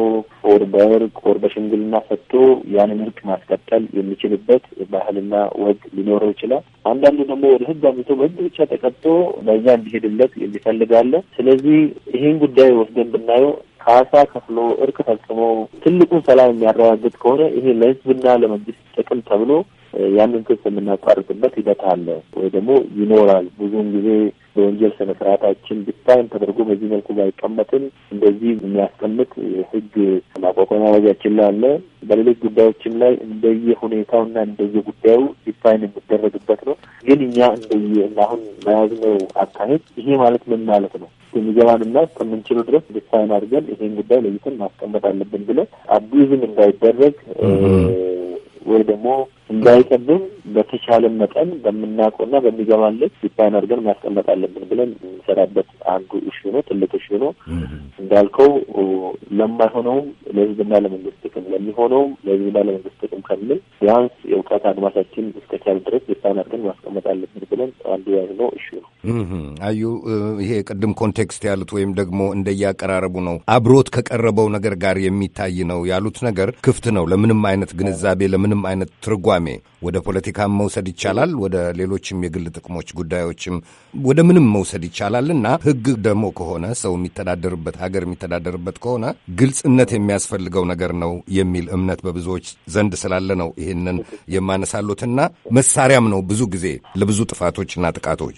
ወር በእርቅ ወር በሽምግልና ሰጥቶ ያንን እርቅ ማስቀጠል የሚችልበት ባህልና ወግ ሊኖረው ይችላል። አንዳንዱ ደግሞ ወደ ህግ አምቶ በህግ ብቻ ተቀጥቶ በዛ እንዲሄድለት የሚፈልጋለ። ስለዚህ ይህን ጉዳይ ወስደን ብናየው ካሳ ከፍሎ እርቅ ፈጽሞ ትልቁን ሰላም የሚያረጋግጥ ከሆነ ይሄ ለህዝብና ለመንግስት ጥቅም ተብሎ ያንን ክስ የምናቋርጥበት ሂደት አለ ወይ ደግሞ ይኖራል። ብዙውን ጊዜ በወንጀል ስነ ስርዓታችን ዲፋይን ተደርጎ በዚህ መልኩ ባይቀመጥም እንደዚህ የሚያስቀምጥ ህግ ማቋቋሚያ አዋጃችን ላይ አለ። በሌሎች ጉዳዮችም ላይ እንደየ ሁኔታውና እንደየ ጉዳዩ ዲፋይን የሚደረግበት ነው። ግን እኛ እንደየ አሁን በያዝነው አካሄድ ይሄ ማለት ምን ማለት ነው የሚገባንና እስከምንችለው ድረስ ዲፋይን አድርገን ይሄን ጉዳይ ለይትን ማስቀመጥ አለብን ብለን አቢዝም እንዳይደረግ ወይ ደግሞ እንዳይቀብም በተቻለ መጠን በምናውቀውና በሚገባን ልክ ዲፋይን አድርገን ማስቀመጥ አለብን ብለን የምንሰራበት አንዱ እሹ ነው። ትልቅ እሹ ነው እንዳልከው ለማይሆነውም ለህዝብና ለመንግስት ጥቅም ለሚሆነውም ለህዝብና ለመንግስት ጥቅም ከምል ቢያንስ የእውቀት አድማሳችን እስከቻል ድረስ ዲፋይን አድርገን ማስቀመጥ አለብን ብለን አንዱ ያዝነው እሹ ነው። አዩ ይሄ ቅድም ኮንቴክስት ያሉት ወይም ደግሞ እንደያቀራረቡ ነው አብሮት ከቀረበው ነገር ጋር የሚታይ ነው ያሉት ነገር ክፍት ነው ለምንም አይነት ግንዛቤ ለምንም አይነት ትርጓ ቅዳሜ ወደ ፖለቲካም መውሰድ ይቻላል፣ ወደ ሌሎችም የግል ጥቅሞች ጉዳዮችም ወደ ምንም መውሰድ ይቻላል እና ህግ ደግሞ ከሆነ ሰው የሚተዳደርበት ሀገር የሚተዳደርበት ከሆነ ግልጽነት የሚያስፈልገው ነገር ነው የሚል እምነት በብዙዎች ዘንድ ስላለ ነው ይህንን የማነሳሉትና መሳሪያም ነው ብዙ ጊዜ ለብዙ ጥፋቶችና ጥቃቶች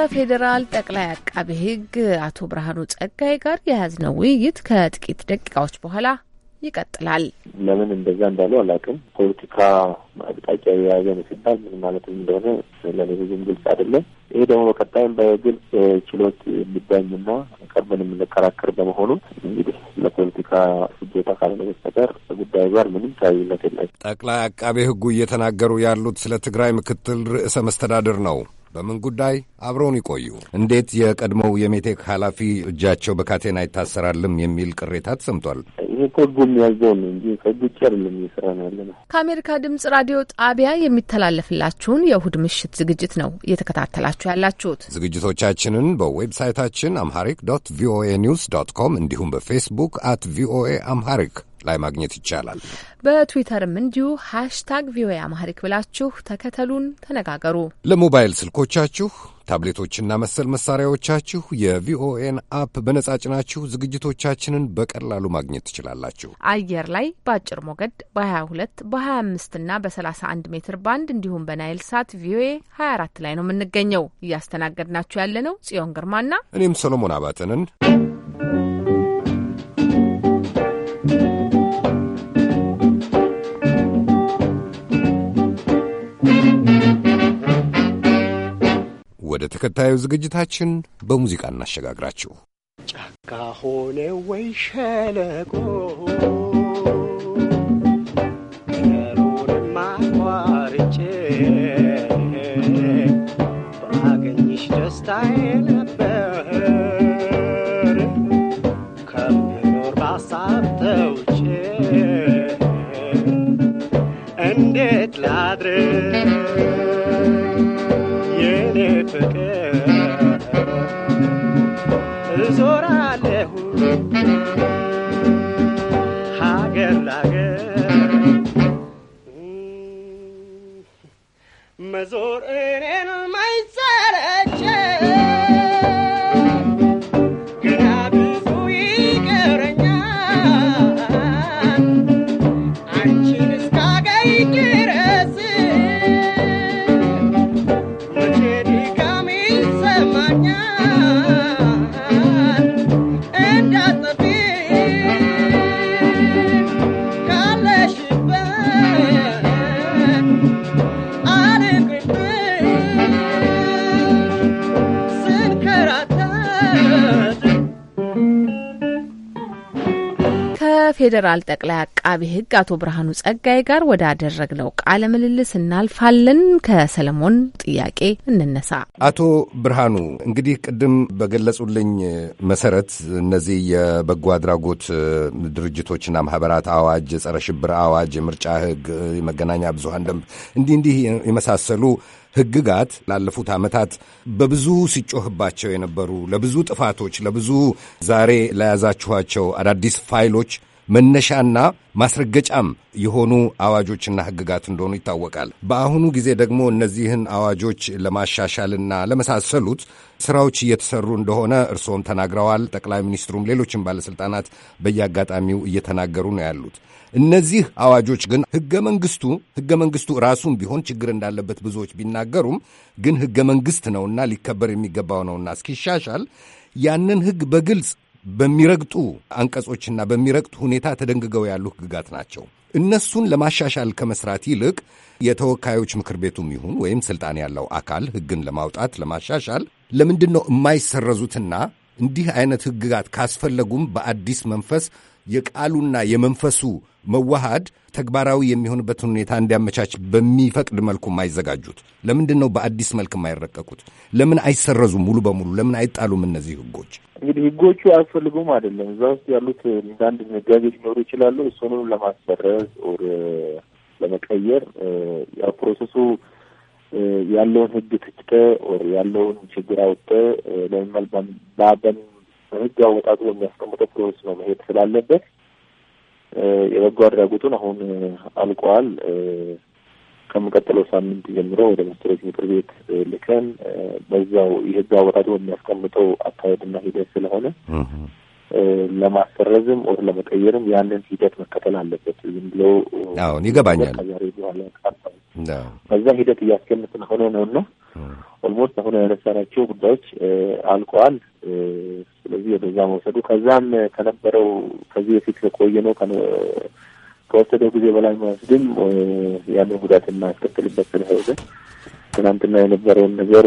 ከፌዴራል ጠቅላይ አቃቤ ሕግ አቶ ብርሃኑ ጸጋይ ጋር የያዝነው ውይይት ከጥቂት ደቂቃዎች በኋላ ይቀጥላል። ለምን እንደዛ እንዳሉ አላውቅም። ፖለቲካ አቅጣጫ የያዘ ነው ሲባል ምን ማለት እንደሆነ ለእኔ ብዙም ግልጽ አይደለም። ይሄ ደግሞ በቀጣይም በግልጽ ችሎት የሚዳኝና ቀርበን የምንከራከር በመሆኑ እንግዲህ ለፖለቲካ ፍጆታ ካልሆነ በስተቀር ጉዳዩ ጋር ምንም ተያያዥነት የለም። ጠቅላይ አቃቤ ሕጉ እየተናገሩ ያሉት ስለ ትግራይ ምክትል ርዕሰ መስተዳድር ነው። በምን ጉዳይ አብረውን ይቆዩ። እንዴት የቀድሞው የሜቴክ ኃላፊ እጃቸው በካቴና ይታሰራልም የሚል ቅሬታ ተሰምቷል። ይህ የሚያዘው ነው እንጂ ከህጉ ውጭ አይደለም እየሰራ ነው ያለ ነው። ከአሜሪካ ድምጽ ራዲዮ ጣቢያ የሚተላለፍላችሁን የእሁድ ምሽት ዝግጅት ነው እየተከታተላችሁ ያላችሁት። ዝግጅቶቻችንን በዌብሳይታችን አምሃሪክ ዶት ቪኦኤ ኒውስ ዶት ኮም እንዲሁም በፌስቡክ አት ቪኦኤ አምሃሪክ ላይ ማግኘት ይቻላል። በትዊተርም እንዲሁ ሃሽታግ ቪኦኤ አማህሪክ ብላችሁ ተከተሉን፣ ተነጋገሩ። ለሞባይል ስልኮቻችሁ ታብሌቶችና መሰል መሳሪያዎቻችሁ የቪኦኤን አፕ በነጻ ጭናችሁ ዝግጅቶቻችንን በቀላሉ ማግኘት ትችላላችሁ። አየር ላይ በአጭር ሞገድ በ22 25 እና በ31 ሜትር ባንድ እንዲሁም በናይል ሳት ቪኦኤ 24 ላይ ነው የምንገኘው። እያስተናገድናችሁ ያለነው ጽዮን ግርማና እኔም ሰሎሞን አባተንን ወደ ተከታዩ ዝግጅታችን በሙዚቃ እናሸጋግራችሁ። ጫካ ሆነ ወይ ሸለቆ Thank you. ላድር ፍቅር እዞራለሁ ሀገር ላገር መዞር እኔን ከፌዴራል ጠቅላይ አቃቢ ሕግ አቶ ብርሃኑ ጸጋይ ጋር ወዳደረግነው ቃለ ምልልስ እናልፋለን። ከሰለሞን ጥያቄ እንነሳ። አቶ ብርሃኑ እንግዲህ ቅድም በገለጹልኝ መሰረት እነዚህ የበጎ አድራጎት ድርጅቶችና ማህበራት አዋጅ፣ የጸረ ሽብር አዋጅ፣ የምርጫ ሕግ፣ የመገናኛ ብዙሀን ደንብ እንዲህ እንዲህ የመሳሰሉ ህግጋት ላለፉት ዓመታት በብዙ ሲጮህባቸው የነበሩ ለብዙ ጥፋቶች፣ ለብዙ ዛሬ ለያዛችኋቸው አዳዲስ ፋይሎች መነሻና ማስረገጫም የሆኑ አዋጆችና ህግጋት እንደሆኑ ይታወቃል። በአሁኑ ጊዜ ደግሞ እነዚህን አዋጆች ለማሻሻልና ለመሳሰሉት ስራዎች እየተሰሩ እንደሆነ እርስዎም ተናግረዋል። ጠቅላይ ሚኒስትሩም ሌሎችም ባለስልጣናት በየአጋጣሚው እየተናገሩ ነው ያሉት። እነዚህ አዋጆች ግን ህገ መንግስቱ ህገ መንግስቱ ራሱም ቢሆን ችግር እንዳለበት ብዙዎች ቢናገሩም ግን ህገ መንግስት ነውና ሊከበር የሚገባው ነውና እስኪሻሻል ያንን ህግ በግልጽ በሚረግጡ አንቀጾችና በሚረግጡ ሁኔታ ተደንግገው ያሉ ህግጋት ናቸው። እነሱን ለማሻሻል ከመስራት ይልቅ የተወካዮች ምክር ቤቱም ይሁን ወይም ስልጣን ያለው አካል ህግን ለማውጣት ለማሻሻል ለምንድን ነው የማይሰረዙትና እንዲህ አይነት ህግጋት ካስፈለጉም በአዲስ መንፈስ የቃሉና የመንፈሱ መዋሃድ ተግባራዊ የሚሆንበትን ሁኔታ እንዲያመቻች በሚፈቅድ መልኩ የማይዘጋጁት? ለምንድን ነው በአዲስ መልክ የማይረቀቁት? ለምን አይሰረዙም? ሙሉ በሙሉ ለምን አይጣሉም? እነዚህ ህጎች እንግዲህ ህጎቹ አያስፈልጉም አይደለም። እዛ ውስጥ ያሉት አንዳንድ ድንጋጌዎች ሊኖሩ ይችላሉ። እሱንም ለማሰረዝ ኦር ለመቀየር ያው ፕሮሰሱ ያለውን ህግ ትችተ ኦር ያለውን ችግር አውጥተ ለመል በአበን በህግ አወጣጡ በሚያስቀምጠው ፕሮሰስ ነው መሄድ ስላለበት የበጎ አድራጎቱን አሁን አልቋል። ከሚቀጥለው ሳምንት ጀምሮ ወደ ሚኒስትሮች ምክር ቤት ልከን በዛው የህግ አወጣጡ የሚያስቀምጠው አካሄድና ሂደት ስለሆነ ለማሰረዝም ወር ለመቀየርም ያንን ሂደት መከተል አለበት። ዝም ብሎ አሁን ይገባኛል ከዛሬ በኋላ በዛ ሂደት እያስገምትን ሆኖ ነው እና ኦልሞስት አሁን ያነሳናቸው ጉዳዮች አልቀዋል። ስለዚህ ወደዛ መውሰዱ ከዛም ከነበረው ከዚህ በፊት ከቆየ ነው ከወሰደው ጊዜ በላይ መያዝ ግን ያንን ጉዳት የማያስከትልበት ስለሆነ ትናንትና የነበረውን ነገር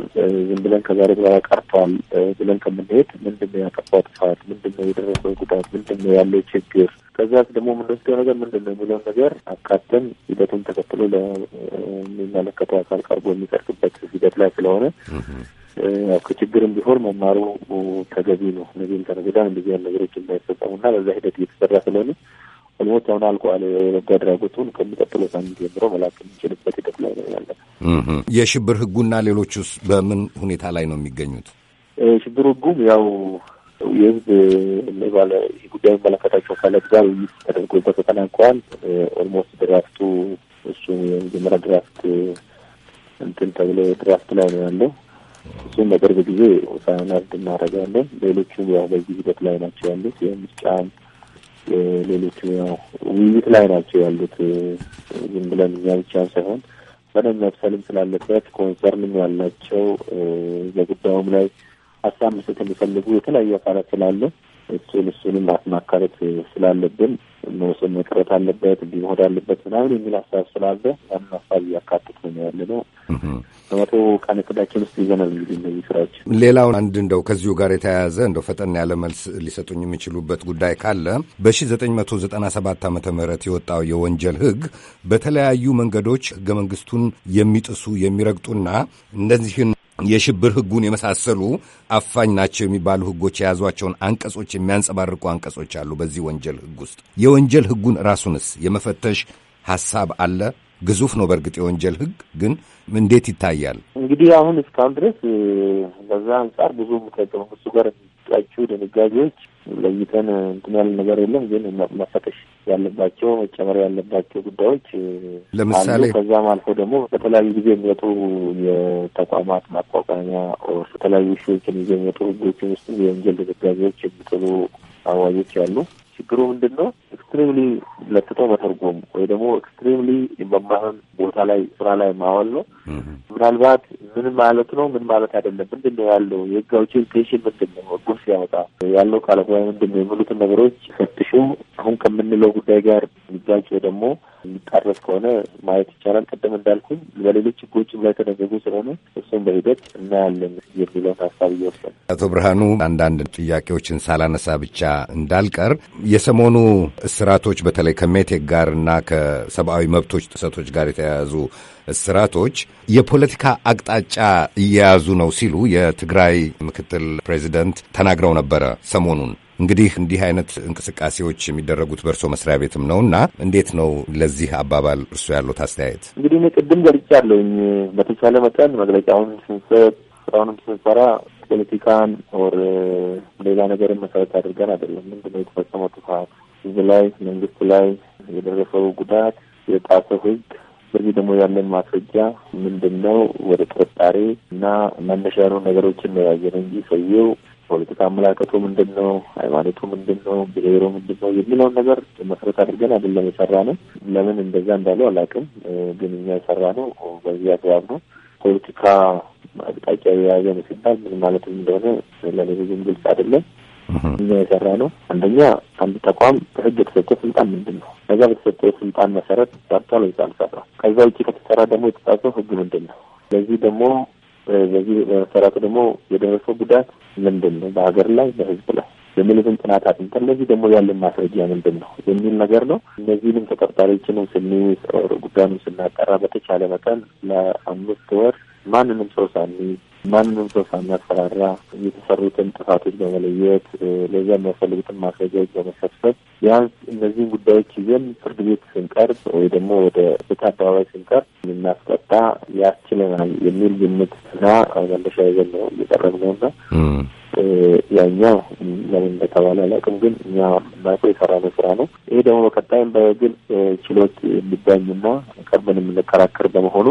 ዝም ብለን ከዛሬ በኋላ ቀርቷል ብለን ከምንሄድ ምንድን ነው ያጠፋው ጥፋት፣ ምንድን ነው የደረሰው ጉዳት፣ ምንድን ነው ያለው ችግር፣ ከዛ ደግሞ የምንወስደው ነገር ምንድን ነው የሚለውን ነገር አካተን ሂደቱን ተከትሎ ለሚመለከተው አካል ቀርቦ የሚጸድቅበት ሂደት ላይ ስለሆነ ከችግርም ቢሆን መማሩ ተገቢ ነው። እነዚህም ተነግዳን እንደዚህ ነገሮች እንዳይፈጸሙና በዛ ሂደት እየተሰራ ስለሆነ ኦልሞስት አሁን አልቋል። የበጎ አድራጎቱን ከሚቀጥለው ሳምንት ጀምሮ መላክ የሚችልበት ሂደት ላይ ነው ያለ። የሽብር ህጉና ሌሎች ውስጥ በምን ሁኔታ ላይ ነው የሚገኙት? ሽብር ህጉም ያው የህዝብ ባለ ጉዳይ የሚመለከታቸው አካላት ጋር ውይይት ተደርጎበት ተጠናቀዋል። ኦልሞስት ድራፍቱ እሱ የመጀመሪያ ድራፍት እንትን ተብሎ ድራፍት ላይ ነው ያለው። እሱም በቅርብ ጊዜ ሳናት እናደርጋለን። ሌሎቹም ያው በዚህ ሂደት ላይ ናቸው ያሉት የምርጫን ሌሎቹ ያው ውይይት ላይ ናቸው ያሉት። ዝም ብለን እኛ ብቻ ሳይሆን በደንብ መብሰልም ስላለበት ኮንሰርንም ያላቸው በጉዳዩም ላይ ሀሳብ መስጠት የሚፈልጉ የተለያዩ አካላት ስላለ እሱን እሱንም ማካተት ስላለብን መውሰን መቅረት አለበት እንዲህ መሆን አለበት ምናምን የሚል ሀሳብ ስላለ ያንን ሀሳብ እያካተት ነው ያለ ነው። በመቶ ቀን እቅዳችን ውስጥ ይዘናል። እንግዲህ እነዚህ ስራዎች ሌላውን አንድ እንደው ከዚሁ ጋር የተያያዘ እንደው ፈጠን ያለ መልስ ሊሰጡኝ የሚችሉበት ጉዳይ ካለ በሺ ዘጠኝ መቶ ዘጠና ሰባት ዓመተ ምህረት የወጣው የወንጀል ህግ በተለያዩ መንገዶች ህገ መንግስቱን የሚጥሱ የሚረግጡና እነዚህን የሽብር ህጉን የመሳሰሉ አፋኝ ናቸው የሚባሉ ህጎች የያዟቸውን አንቀጾች የሚያንጸባርቁ አንቀጾች አሉ። በዚህ ወንጀል ህግ ውስጥ የወንጀል ህጉን ራሱንስ የመፈተሽ ሐሳብ አለ። ግዙፍ ነው። በእርግጥ የወንጀል ህግ ግን እንዴት ይታያል? እንግዲህ አሁን እስካሁን ድረስ በዛ አንጻር ብዙ ከእሱ ጋር የሚያስቀጩ ድንጋጌዎች ለይተን እንትን ያለ ነገር የለም። ግን መፈተሽ ያለባቸው መጨመር ያለባቸው ጉዳዮች ለምሳሌ ከዛም አልፎ ደግሞ በተለያዩ ጊዜ የሚወጡ የተቋማት ማቋቋሚያ በተለያዩ ሺዎችን ይዘው የሚወጡ ህጎችን ውስጥ የወንጀል ድንጋጌዎች የሚጥሉ አዋጆች አሉ። ችግሩ ምንድን ነው? ኤክስትሪምሊ ለጥጦ መተርጎም ወይ ደግሞ ኤክስትሪምሊ የመማህን ቦታ ላይ ስራ ላይ ማዋል ነው። ምናልባት ምን ማለት ነው? ምን ማለት አይደለም? ምንድን ነው ያለው የህግ አውጪ ኢንቴንሽን ምንድን ነው? ህጉን ሲያወጣ ያለው ካለሙያ ምንድን ነው? የሚሉትን ነገሮች ፈትሹ። አሁን ከምንለው ጉዳይ ጋር የሚጋጭ ወይ ደግሞ የሚጣረስ ከሆነ ማየት ይቻላል። ቅድም እንዳልኩኝ በሌሎች ህጎችም ላይ ተደረጉ ስለሆነ እሱም በሂደት እናያለን የሚለውን ሀሳብ እየወሰን አቶ ብርሃኑ አንዳንድ ጥያቄዎችን ሳላነሳ ብቻ እንዳልቀር የሰሞኑ እስራቶች በተለይ ከሜቴክ ጋርና ከሰብአዊ መብቶች ጥሰቶች ጋር የተያያዙ እስራቶች የፖለቲካ አቅጣጫ እየያዙ ነው ሲሉ የትግራይ ምክትል ፕሬዚደንት ተናግረው ነበረ ሰሞኑን። እንግዲህ እንዲህ አይነት እንቅስቃሴዎች የሚደረጉት በእርሶ መስሪያ ቤትም ነው እና እንዴት ነው ለዚህ አባባል እርሶ ያለት አስተያየት? እንግዲህ እኔ ቅድም ገልጫለሁኝ። በተቻለ መጠን መግለጫውን ስንሰጥ ስራውንም ስንሰራ ፖለቲካን ኦር ሌላ ነገርን መሰረት አድርገን አይደለም። ምንድነው የተፈጸመው ጥፋት ህዝብ ላይ መንግስት ላይ የደረሰው ጉዳት የጣሰው ህግ በዚህ ደግሞ ያለን ማስረጃ ምንድን ነው? ወደ ጥርጣሬ እና መነሻ ያሉ ነገሮችን ነው ያየን እንጂ ሰውየው ፖለቲካ አመላከቱ ምንድን ነው? ሃይማኖቱ ምንድን ነው? ብሔሩ ምንድን ነው? የሚለውን ነገር መሰረት አድርገን አይደለም የሰራ ነው። ለምን እንደዛ እንዳለው አላውቅም፣ ግን እኛ የሰራ ነው በዚህ አግባብ ነው። ፖለቲካ አቅጣጫ የያዘ ነው ሲባል ምን ማለት እንደሆነ ለእኔ ብዙም ግልጽ አይደለም። እኛ የሰራ ነው አንደኛ አንድ ተቋም በህግ የተሰጠው ስልጣን ምንድን ነው? ከዛ በተሰጠው ስልጣን መሰረት ሰርቷል ወይ አልሰራም? ከዛ ውጭ ከተሰራ ደግሞ የተጻፈው ህግ ምንድን ነው? ስለዚህ ደግሞ በዚህ በመሰራቱ ደግሞ የደረሰው ጉዳት ምንድን ነው? በሀገር ላይ በህዝብ ላይ የሚሉትን ጥናት አጥንተን ለዚህ ደግሞ ያለን ማስረጃ ምንድን ነው የሚል ነገር ነው። እነዚህንም ተጠርጣሪዎችንም ስንይዝ ጉዳዩንም ስናጠራ በተቻለ መጠን ለአምስት ወር ማንንም ሰው ሳኒ ማንንም ሰው ሳናሰራራ የተሰሩትን ጥፋቶች በመለየት ለዛ የሚያስፈልጉትን ማስረጃዎች በመሰብሰብ ቢያንስ እነዚህን ጉዳዮች ይዘን ፍርድ ቤት ስንቀርብ ወይ ደግሞ ወደ ፍትህ አደባባይ ስንቀርብ ልናስቀጣ ያስችለናል የሚል ግምት እና መነሻ ይዘን ነው ነው ነውና ያኛው ለምን እንደተባለ አላውቅም፣ ግን እኛ ማቆ የሰራነው ስራ ነው። ይሄ ደግሞ በቀጣይም በግልጽ ችሎት የሚዳኝና ቀርበን የምንከራከር በመሆኑ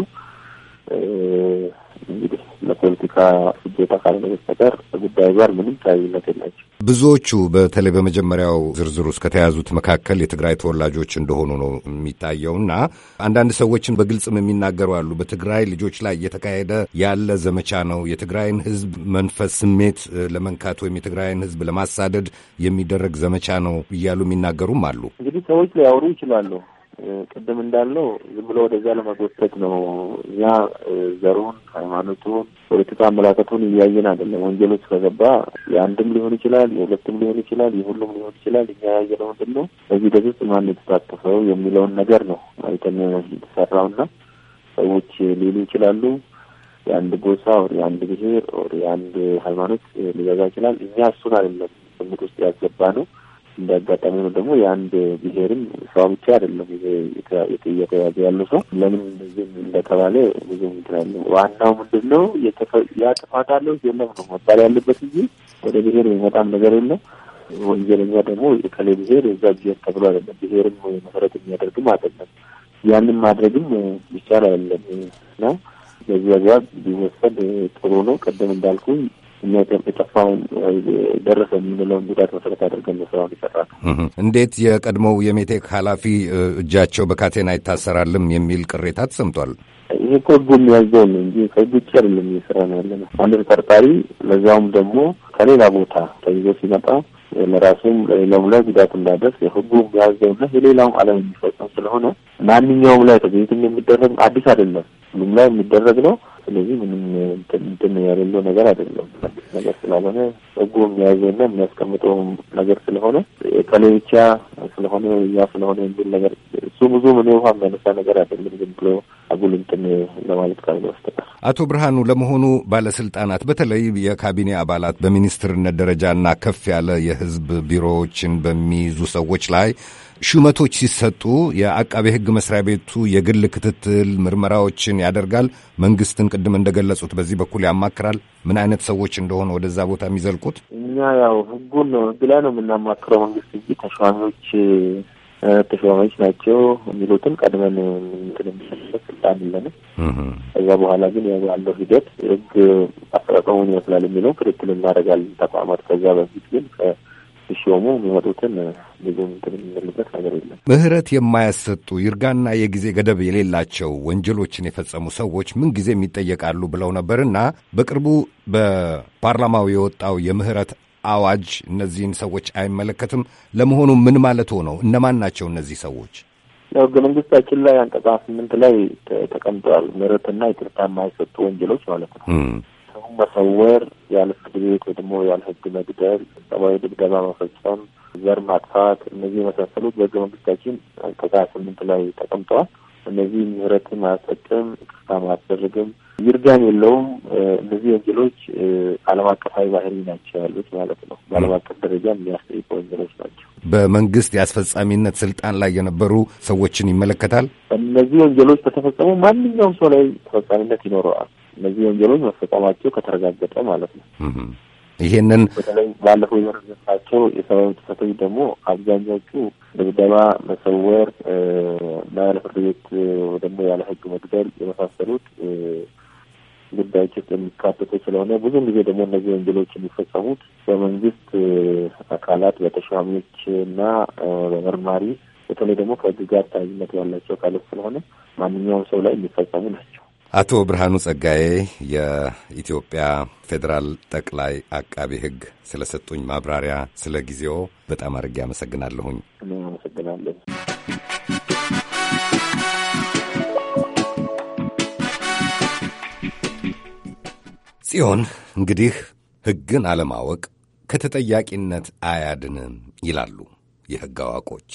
እንግዲህ ለፖለቲካ ፍጆታ ካልሆነ በስተቀር ጉዳዩ ጋር ምንም ተያያዥነት የላቸው። ብዙዎቹ በተለይ በመጀመሪያው ዝርዝር ውስጥ ከተያዙት መካከል የትግራይ ተወላጆች እንደሆኑ ነው የሚታየውና አንዳንድ ሰዎችን በግልጽም የሚናገሩ አሉ። በትግራይ ልጆች ላይ እየተካሄደ ያለ ዘመቻ ነው፣ የትግራይን ሕዝብ መንፈስ ስሜት ለመንካት ወይም የትግራይን ሕዝብ ለማሳደድ የሚደረግ ዘመቻ ነው እያሉ የሚናገሩም አሉ። እንግዲህ ሰዎች ሊያወሩ ይችላሉ። ቅድም እንዳለው ዝም ብሎ ወደዛ ለመጎተት ነው። እኛ ዘሩን፣ ሃይማኖቱን፣ ፖለቲካ አመላከቱን እያየን አይደለም። ወንጀሎች ከገባ የአንድም ሊሆን ይችላል፣ የሁለትም ሊሆን ይችላል፣ የሁሉም ሊሆን ይችላል። እኛ ያየነው ምንድን ነው በዚህ ደስ ውስጥ ማን የተሳተፈው የሚለውን ነገር ነው አይተን የተሰራውና ሰዎች ሊሉ ይችላሉ የአንድ ጎሳ ወር የአንድ ብሄር ወር የአንድ ሃይማኖት ሊበዛ ይችላል። እኛ እሱን አይደለም ስምት ውስጥ ያስገባ ነው እንዳጋጣሚ ነው ደግሞ የአንድ ብሔርም ሰው ብቻ አይደለም እየተያዘ ያለው ሰው ለምን እንደዚህ እንደተባለ ብዙ ምትላለ። ዋናው ምንድን ነው ያ ጥፋት አለው የለም ነው መባል ያለበት እንጂ ወደ ብሔር የሚመጣም ነገር የለም። ወንጀለኛ ደግሞ የከሌ ብሔር እዛ ብሔር ተብሎ አይደለም። ብሔርም መሰረት የሚያደርግም አይደለም። ያንን ማድረግም ይቻል አይደለም እና በዚህ አግባብ ቢወሰድ ጥሩ ነው። ቀደም እንዳልኩኝ እኛ የጠፋውን ደረሰ የምንለውን ጉዳት መሰረት አድርገን ስራውን ነው። እንዴት የቀድሞው የሜቴክ ኃላፊ እጃቸው በካቴና ይታሰራልም የሚል ቅሬታ ተሰምቷል። ይሄ እኮ ህጉ የሚያዘው ነው እንጂ ከህግ ውጭ አይደለም እየሰራ ነው ያለ ነው። አንድ ተጠርጣሪ ለዚያውም ደግሞ ከሌላ ቦታ ተይዞ ሲመጣ ለራሱም ለሌላውም ላይ ጉዳት እንዳደርስ የህጉ የሚያዘውና የሌላውም ዓለም የሚፈጸም ስለሆነ ማንኛውም ላይ ተገኝት የሚደረግ አዲስ አይደለም። ሁሉም ላይ የሚደረግ ነው። ስለዚህ ምንም እንትን ያሌለው ነገር አይደለም። አዲስ ነገር ስላልሆነ ህጉ የሚያዘና የሚያስቀምጠው ነገር ስለሆነ ቀሌ ብቻ ስለሆነ ያ ስለሆነ የሚል ነገር እሱ ብዙ ምን ውሃ የሚያነሳ ነገር አይደለም። ዝም ብሎ አጉል እንትን ለማለት ካልሆነ በስተቀር። አቶ ብርሃኑ፣ ለመሆኑ ባለስልጣናት በተለይ የካቢኔ አባላት በሚኒስትርነት ደረጃና ከፍ ያለ የህዝብ ቢሮዎችን በሚይዙ ሰዎች ላይ ሹመቶች ሲሰጡ የአቃቤ ሕግ መስሪያ ቤቱ የግል ክትትል ምርመራዎችን ያደርጋል። መንግስትን ቅድም እንደገለጹት በዚህ በኩል ያማክራል። ምን አይነት ሰዎች እንደሆኑ ወደዛ ቦታ የሚዘልቁት እኛ ያው ህጉን ነው ህግ ላይ ነው የምናማክረው መንግስት እንጂ ተሿሚዎች ተሿሚዎች ናቸው የሚሉትን ቀድመን እንትን የሚሰበት ስልጣን የለንም። ከዛ በኋላ ግን ያለው ሂደት ህግ አፈጻጸሙን ይመስላል የሚለው ክትትል እናደርጋለን ተቋማት። ከዛ በፊት ግን ሲሾሙ የሚመጡትን ብዙ እንትን የምንልበት ነገር የለም። ምህረት የማያሰጡ ይርጋና የጊዜ ገደብ የሌላቸው ወንጀሎችን የፈጸሙ ሰዎች ምን ጊዜም ይጠየቃሉ ብለው ነበርና በቅርቡ በፓርላማው የወጣው የምህረት አዋጅ እነዚህን ሰዎች አይመለከትም። ለመሆኑ ምን ማለት ሆነው? እነማን ናቸው እነዚህ ሰዎች? ህገ መንግስታችን ላይ አንቀጽ ስምንት ላይ ተቀምጠዋል። ምህረትና ይቅርታ የማይሰጡ ወንጀሎች ማለት ነው። ሰው መሰወር፣ ያለ ፍርድ ቤት ወይ ደግሞ ያለ ህግ መግደል፣ ሰብአዊ ድብደባ መፈጸም፣ ዘር ማጥፋት፣ እነዚህ የመሳሰሉት በህገ መንግስታችን አንቀጽ ስምንት ላይ ተቀምጠዋል። እነዚህ ምህረትም አያሰጥም፣ ይቅርታም አያስደርግም፣ ይርጋም የለውም። እነዚህ ወንጀሎች ዓለም አቀፋዊ ባህሪ ናቸው ያሉት ማለት ነው። በዓለም አቀፍ ደረጃ የሚያስጠይቁ ወንጀሎች ናቸው። በመንግስት የአስፈጻሚነት ስልጣን ላይ የነበሩ ሰዎችን ይመለከታል። እነዚህ ወንጀሎች በተፈጸሙ ማንኛውም ሰው ላይ ተፈጻሚነት ይኖረዋል። እነዚህ ወንጀሎች መፈጸማቸው ከተረጋገጠ ማለት ነው። ይሄንን በተለይ ባለፈው የመረገፋቸው የሰብአዊ ጥሰቶች ደግሞ አብዛኛዎቹ ድብደባ፣ መሰወር እና ያለ ፍርድ ቤት ደግሞ ያለ ህግ መግደል የመሳሰሉት ጉዳዮች ውስጥ የሚካተቱ ስለሆነ ብዙን ጊዜ ደግሞ እነዚህ ወንጀሎች የሚፈጸሙት በመንግስት አካላት በተሿሚዎች እና በመርማሪ በተለይ ደግሞ ከህግ ጋር ተያያዥነት ያላቸው አካላት ስለሆነ ማንኛውም ሰው ላይ የሚፈጸሙ ናቸው። አቶ ብርሃኑ ጸጋዬ የኢትዮጵያ ፌዴራል ጠቅላይ አቃቢ ሕግ ስለሰጡኝ ማብራሪያ፣ ስለ ጊዜው በጣም አድርጌ አመሰግናለሁኝ። አመሰግናለሁ። ጽዮን፣ እንግዲህ ሕግን አለማወቅ ከተጠያቂነት አያድንም ይላሉ የሕግ አዋቆች።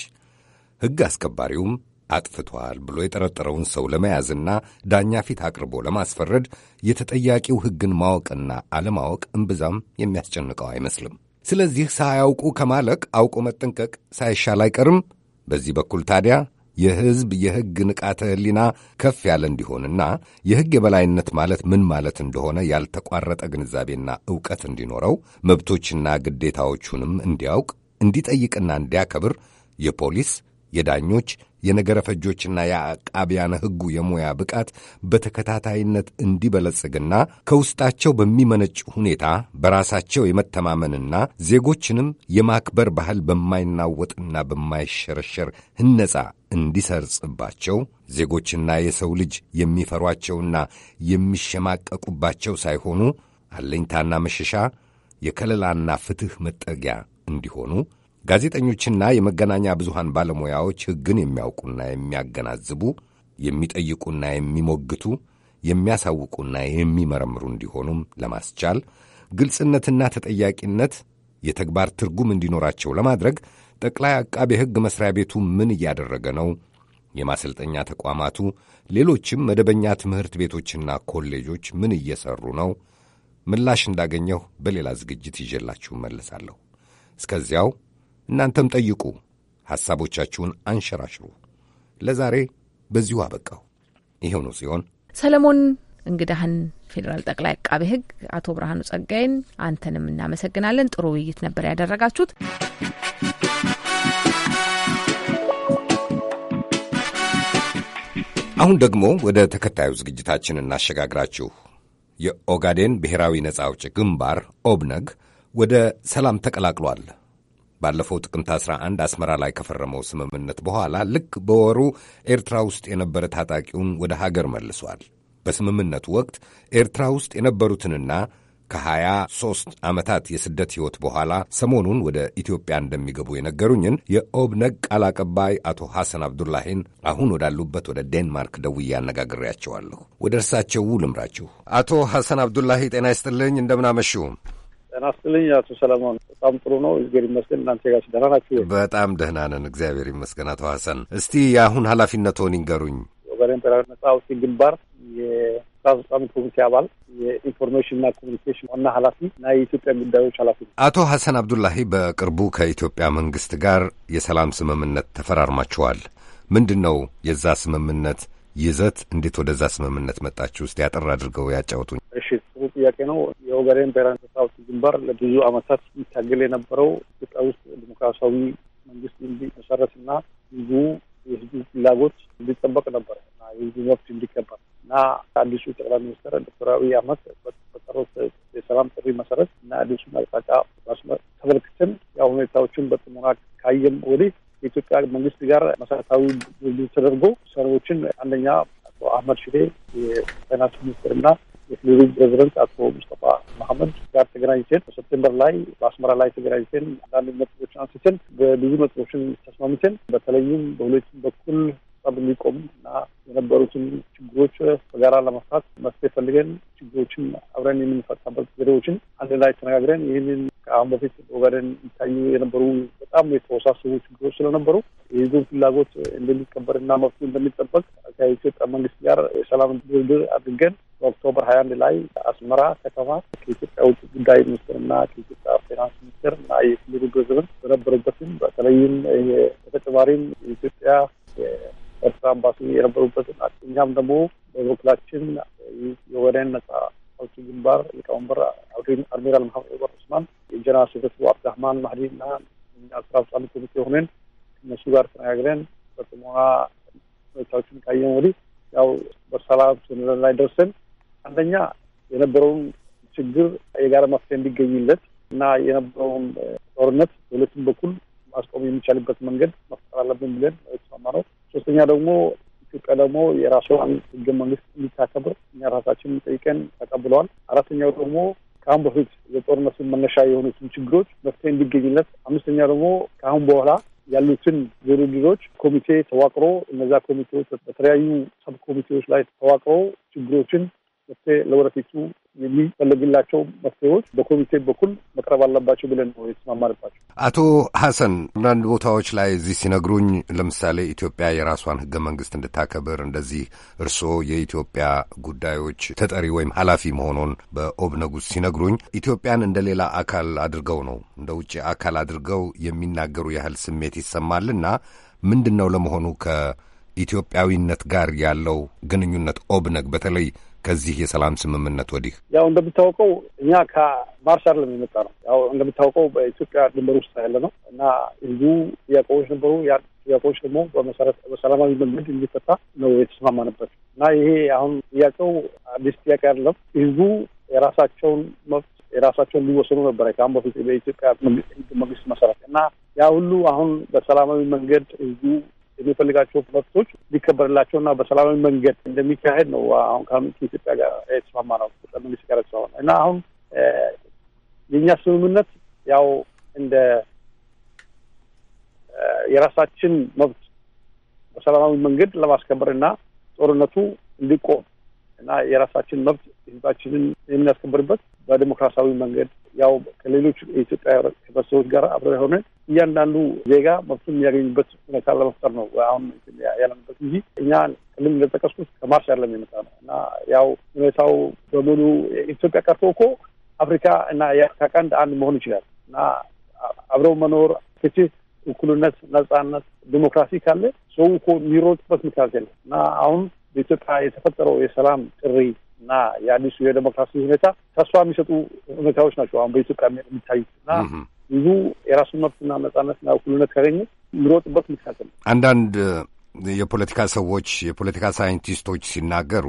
ሕግ አስከባሪውም አጥፍቷል ብሎ የጠረጠረውን ሰው ለመያዝና ዳኛ ፊት አቅርቦ ለማስፈረድ የተጠያቂው ሕግን ማወቅና አለማወቅ እምብዛም የሚያስጨንቀው አይመስልም። ስለዚህ ሳያውቁ ከማለቅ አውቆ መጠንቀቅ ሳይሻል አይቀርም። በዚህ በኩል ታዲያ የሕዝብ የሕግ ንቃተ ሕሊና ከፍ ያለ እንዲሆንና የሕግ የበላይነት ማለት ምን ማለት እንደሆነ ያልተቋረጠ ግንዛቤና ዕውቀት እንዲኖረው መብቶችና ግዴታዎቹንም እንዲያውቅ እንዲጠይቅና እንዲያከብር የፖሊስ የዳኞች የነገረ ፈጆችና የአቃቢያነ ሕጉ የሙያ ብቃት በተከታታይነት እንዲበለጽግና ከውስጣቸው በሚመነጭ ሁኔታ በራሳቸው የመተማመንና ዜጎችንም የማክበር ባህል በማይናወጥና በማይሸረሸር ህነጻ እንዲሰርጽባቸው ዜጎችና የሰው ልጅ የሚፈሯቸውና የሚሸማቀቁባቸው ሳይሆኑ አለኝታና መሸሻ የከለላና ፍትሕ መጠጊያ እንዲሆኑ ጋዜጠኞችና የመገናኛ ብዙሃን ባለሙያዎች ሕግን የሚያውቁና የሚያገናዝቡ፣ የሚጠይቁና የሚሞግቱ፣ የሚያሳውቁና የሚመረምሩ እንዲሆኑም ለማስቻል ግልጽነትና ተጠያቂነት የተግባር ትርጉም እንዲኖራቸው ለማድረግ ጠቅላይ አቃቤ ሕግ መስሪያ ቤቱ ምን እያደረገ ነው? የማሰልጠኛ ተቋማቱ፣ ሌሎችም መደበኛ ትምህርት ቤቶችና ኮሌጆች ምን እየሠሩ ነው? ምላሽ እንዳገኘሁ በሌላ ዝግጅት ይዤላችሁ መለሳለሁ። እስከዚያው እናንተም ጠይቁ፣ ሐሳቦቻችሁን አንሸራሽሩ። ለዛሬ በዚሁ አበቃው። ይኸው ነው ሲሆን ሰለሞን እንግዳህን ፌዴራል ጠቅላይ አቃቤ ሕግ አቶ ብርሃኑ ጸጋይን አንተንም እናመሰግናለን። ጥሩ ውይይት ነበር ያደረጋችሁት። አሁን ደግሞ ወደ ተከታዩ ዝግጅታችን እናሸጋግራችሁ። የኦጋዴን ብሔራዊ ነጻ አውጪ ግንባር ኦብነግ ወደ ሰላም ተቀላቅሏል። ባለፈው ጥቅምት 11 አስመራ ላይ ከፈረመው ስምምነት በኋላ ልክ በወሩ ኤርትራ ውስጥ የነበረ ታጣቂውን ወደ ሀገር መልሷል። በስምምነቱ ወቅት ኤርትራ ውስጥ የነበሩትንና ከ23 ዓመታት የስደት ሕይወት በኋላ ሰሞኑን ወደ ኢትዮጵያ እንደሚገቡ የነገሩኝን የኦብነግ ቃል አቀባይ አቶ ሐሰን አብዱላሂን አሁን ወዳሉበት ወደ ዴንማርክ ደውዬ አነጋግሬያቸዋለሁ። ወደ እርሳቸው ልምራችሁ። አቶ ሐሰን አብዱላሂ ጤና ይስጥልኝ፣ እንደምን አመሹ? ጤና ይስጥልኝ አቶ ሰለሞን። በጣም ጥሩ ነው፣ እግዚአብሔር ይመስገን። እናንተ ጋር ደህና ናችሁ? በጣም ደህና ነን፣ እግዚአብሔር ይመስገን። አቶ ሀሰን እስቲ የአሁን ኃላፊነትዎን ይንገሩኝ። ወገኔን ተራራ ነጻ አውጪ ግንባር የስራ አስፈጻሚ ኮሚቴ አባል የኢንፎርሜሽንና ኮሚኒኬሽን ዋና ኃላፊ እና የኢትዮጵያ ጉዳዮች ኃላፊ አቶ ሀሰን አብዱላሂ በቅርቡ ከኢትዮጵያ መንግስት ጋር የሰላም ስምምነት ተፈራርማችኋል። ምንድን ነው የዛ ስምምነት ይዘት እንዴት ወደዛ ስምምነት መጣችሁ? ውስጥ ያጠር አድርገው ያጫወቱኝ። እሺ፣ ጥሩ ጥያቄ ነው። የኦጋዴን ብሔራዊ ነጻነት ግንባር ለብዙ ዓመታት የሚታገል የነበረው ኢትዮጵያ ውስጥ ዲሞክራሲያዊ መንግስት እንዲመሰረት እንዲመሰረትና ህዝቡ የህዝቡ ፍላጎት እንዲጠበቅ ነበር እና የህዝቡ መብት እንዲከበር እና አዲሱ ጠቅላይ ሚኒስትር ዶክተር አብይ አህመድ በጠሩት የሰላም ጥሪ መሰረት እና አዲሱን አቅጣጫ ተመልክተን የሁኔታዎችን ሁኔታዎችን በጥሞና ካየም ወዲህ የኢትዮጵያ መንግስት ጋር መሰረታዊ ውይይት ተደርጎ ሰዎችን አንደኛ አቶ አህመድ ሽዴ የፋይናንስ ሚኒስትርና የክልሉ ፕሬዚደንት አቶ ሙስጠፋ መሐመድ ጋር ተገናኝተን በሰፕቴምበር ላይ በአስመራ ላይ ተገናኝተን አንዳንድ ነጥቦችን አንስተን በብዙ ነጥቦችን ተስማምተን በተለይም በሁለቱም በኩል ጸብ እንዲቆም እና የነበሩትን ችግሮች በጋራ ለመፍታት መፍትሄ ፈልገን ችግሮችን አብረን የምንፈታበት ዘዴዎችን አንድ ላይ ተነጋግረን ይህንን ከአሁን በፊት ኦጋዴን ይታዩ የነበሩ በጣም የተወሳሰቡ ችግሮች ስለነበሩ የህዝቡ ፍላጎት እንደሚከበርና መብቱ እንደሚጠበቅ ከኢትዮጵያ መንግስት ጋር የሰላም ድርድር አድርገን በኦክቶበር ሀያ አንድ ላይ አስመራ ከተማ ከኢትዮጵያ ውጭ ጉዳይ ሚኒስትርና ከኢትዮጵያ ፋይናንስ ሚኒስትር እና የክልሉ ፕሬዝደንት በነበሩበትም በተለይም በተጨማሪም የኢትዮጵያ የኤርትራ አምባሲ የነበሩበትን እኛም ደግሞ በበኩላችን የወደን ነጻ ሰውቲ ግንባር ሊቀመንበር ኣድሚራል መሓመድ ዑመር ዑስማን የጀነራል ሴፈቱ አብድራህማን ማህዲና ስራ አስፈጻሚ ኮሚቴ ሆነን እነሱ ጋር ተነጋግረን በጥሞና ሁኔታዎችን ካየን ወዲህ ያው በሰላም ስምምነት ላይ ደርሰን አንደኛ የነበረውን ችግር የጋራ መፍትሄ እንዲገኝለት እና የነበረውን ጦርነት በሁለቱም በኩል ማስቆም የሚቻልበት መንገድ መፍጠር አለብን ብለን የተስማማ ነው። ሶስተኛ ደግሞ ኢትዮጵያ ደግሞ የራሷን ህገ መንግስት እንዲታከብር እኛ ራሳችን ጠይቀን ተቀብለዋል። አራተኛው ደግሞ ከአሁን በፊት የጦርነቱ መነሻ የሆኑትን ችግሮች መፍትሄ እንዲገኝለት፣ አምስተኛ ደግሞ ከአሁን በኋላ ያሉትን ድርድሮች ኮሚቴ ተዋቅሮ እነዛ ኮሚቴዎች በተለያዩ ሰብ ኮሚቴዎች ላይ ተዋቅሮ ችግሮችን መፍትሄ ለወደፊቱ የሚፈለግላቸው መፍትሄዎች በኮሚቴ በኩል መቅረብ አለባቸው ብለን ነው የተስማማንባቸው። አቶ ሀሰን አንዳንድ ቦታዎች ላይ እዚህ ሲነግሩኝ፣ ለምሳሌ ኢትዮጵያ የራሷን ህገ መንግስት እንድታከብር እንደዚህ እርስዎ የኢትዮጵያ ጉዳዮች ተጠሪ ወይም ኃላፊ መሆኑን በኦብነጉስ ሲነግሩኝ ኢትዮጵያን እንደ ሌላ አካል አድርገው ነው እንደ ውጭ አካል አድርገው የሚናገሩ ያህል ስሜት ይሰማልና ምንድን ነው ለመሆኑ ከኢትዮጵያዊነት ጋር ያለው ግንኙነት ኦብነግ በተለይ ከዚህ የሰላም ስምምነት ወዲህ? ያው እንደምታውቀው እኛ ከማርሻለም የመጣ ነው። ያው እንደምታውቀው በኢትዮጵያ ድንበር ውስጥ ያለ ነው እና ብዙ ጥያቄዎች ነበሩ። ያ ጥያቄዎች ደግሞ በሰላማዊ መንገድ እንዲፈታ ነው የተስማማንበት እና ይሄ አሁን ጥያቄው አዲስ ጥያቄ አይደለም። ህዝቡ የራሳቸውን መብት የራሳቸውን ሊወሰኑ ነበረ ከአሁን በፊት በኢትዮጵያ ህግ መንግስት መሰረት እና ያ ሁሉ አሁን በሰላማዊ መንገድ ህዝቡ የሚፈልጋቸው መብቶች ሊከበርላቸውና በሰላማዊ መንገድ እንደሚካሄድ ነው አሁን ከኢትዮጵያ ጋር የተስማማ ነው መንግስት ጋር ተስማማ ነው እና አሁን የእኛ ስምምነት ያው እንደ የራሳችን መብት በሰላማዊ መንገድ ለማስከበር እና ጦርነቱ እንዲቆም እና የራሳችን መብት ህዝባችንን የምናስከብርበት በዲሞክራሲያዊ መንገድ ያው ከሌሎች የኢትዮጵያ ህብረተሰቦች ጋር አብረ የሆነ እያንዳንዱ ዜጋ መብቱ የሚያገኝበት ሁኔታ ለመፍጠር ነው አሁን ያለንበት እንጂ እኛ ክልል እንደጠቀስኩት ከማርሽ ያለም የመጣ ነው እና ያው ሁኔታው በሙሉ ኢትዮጵያ ቀርቶ እኮ አፍሪካ እና የአፍሪካ ቀንድ አንድ መሆን ይችላል እና አብረው መኖር ፍትህ፣ እኩልነት፣ ነጻነት፣ ዲሞክራሲ ካለ ሰው እኮ የሚሮጥበት ምክንያት የለም እና አሁን በኢትዮጵያ የተፈጠረው የሰላም ጥሪ እና የአዲሱ የዴሞክራሲ ሁኔታ ተስፋ የሚሰጡ ሁኔታዎች ናቸው አሁን በኢትዮጵያ የሚታዩት እና ብዙ የራሱን መብትና ነጻነትና እኩልነት ካገኘ የሚሮጥበት ምክንያት ነው። አንዳንድ የፖለቲካ ሰዎች የፖለቲካ ሳይንቲስቶች ሲናገሩ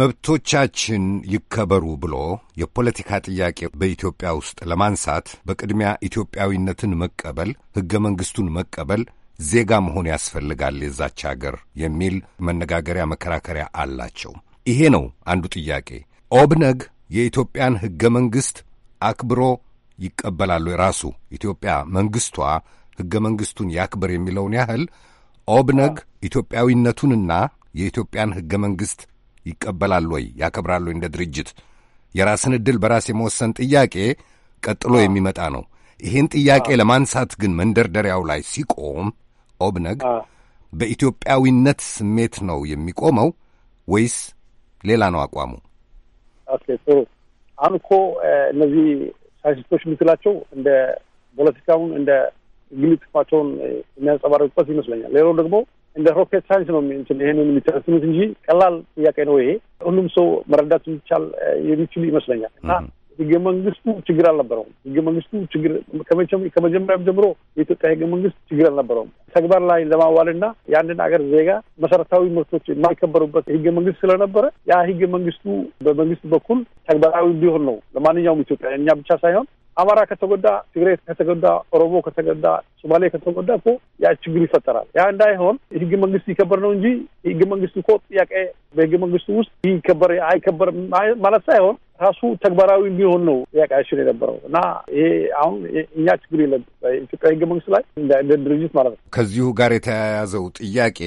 መብቶቻችን ይከበሩ ብሎ የፖለቲካ ጥያቄ በኢትዮጵያ ውስጥ ለማንሳት በቅድሚያ ኢትዮጵያዊነትን መቀበል፣ ሕገ መንግሥቱን መቀበል፣ ዜጋ መሆን ያስፈልጋል የዛች አገር የሚል መነጋገሪያ መከራከሪያ አላቸው። ይሄ ነው አንዱ ጥያቄ። ኦብነግ የኢትዮጵያን ሕገ መንግሥት አክብሮ ይቀበላሉ። የራሱ ኢትዮጵያ መንግሥቷ ሕገ መንግሥቱን ያክብር የሚለውን ያህል ኦብነግ ኢትዮጵያዊነቱንና የኢትዮጵያን ሕገ መንግሥት ይቀበላሉ ወይ ያከብራሉ? እንደ ድርጅት የራስን ዕድል በራስ የመወሰን ጥያቄ ቀጥሎ የሚመጣ ነው። ይህን ጥያቄ ለማንሳት ግን መንደርደሪያው ላይ ሲቆም ኦብነግ በኢትዮጵያዊነት ስሜት ነው የሚቆመው ወይስ ሌላ ነው አቋሙ። ኦኬ ጥሩ። አሁን እኮ እነዚህ ሳይንቲስቶች የምትላቸው እንደ ፖለቲካውን እንደ ግል ጥቅማቸውን የሚያንጸባረቁበት ይመስለኛል። ሌላው ደግሞ እንደ ሮኬት ሳይንስ ነው ይህንን የሚተረስሙት እንጂ ቀላል ጥያቄ ነው ይሄ። ሁሉም ሰው መረዳት የሚቻል የሚችሉ ይመስለኛል እና ህገ መንግስቱ ችግር አልነበረውም። ህገ መንግስቱ ችግር ከመጀመሪያም ጀምሮ የኢትዮጵያ ህገ መንግስት ችግር አልነበረውም። ተግባር ላይ ለማዋልና የአንድን አገር ዜጋ መሰረታዊ መብቶች የማይከበሩበት ህገ መንግስት ስለነበረ ያ ህገ መንግስቱ በመንግስት በኩል ተግባራዊ እንዲሆን ነው ለማንኛውም ኢትዮጵያ እኛ ብቻ ሳይሆን አማራ ከተጎዳ፣ ትግራይ ከተጎዳ፣ ኦሮሞ ከተጎዳ፣ ሶማሌ ከተጎዳ እኮ ያ ችግር ይፈጠራል። ያ እንዳይሆን ህገ መንግስት ይከበር ነው እንጂ ህገ መንግስቱ እኮ ጥያቄ በህገ መንግስቱ ውስጥ ይከበር አይከበር ማለት ሳይሆን ራሱ ተግባራዊ የሚሆን ነው ጥያቄያችን የነበረው እና ይሄ አሁን እኛ ችግር የለም ኢትዮጵያ ህገ መንግስት ላይ እንደ ድርጅት ማለት ነው። ከዚሁ ጋር የተያያዘው ጥያቄ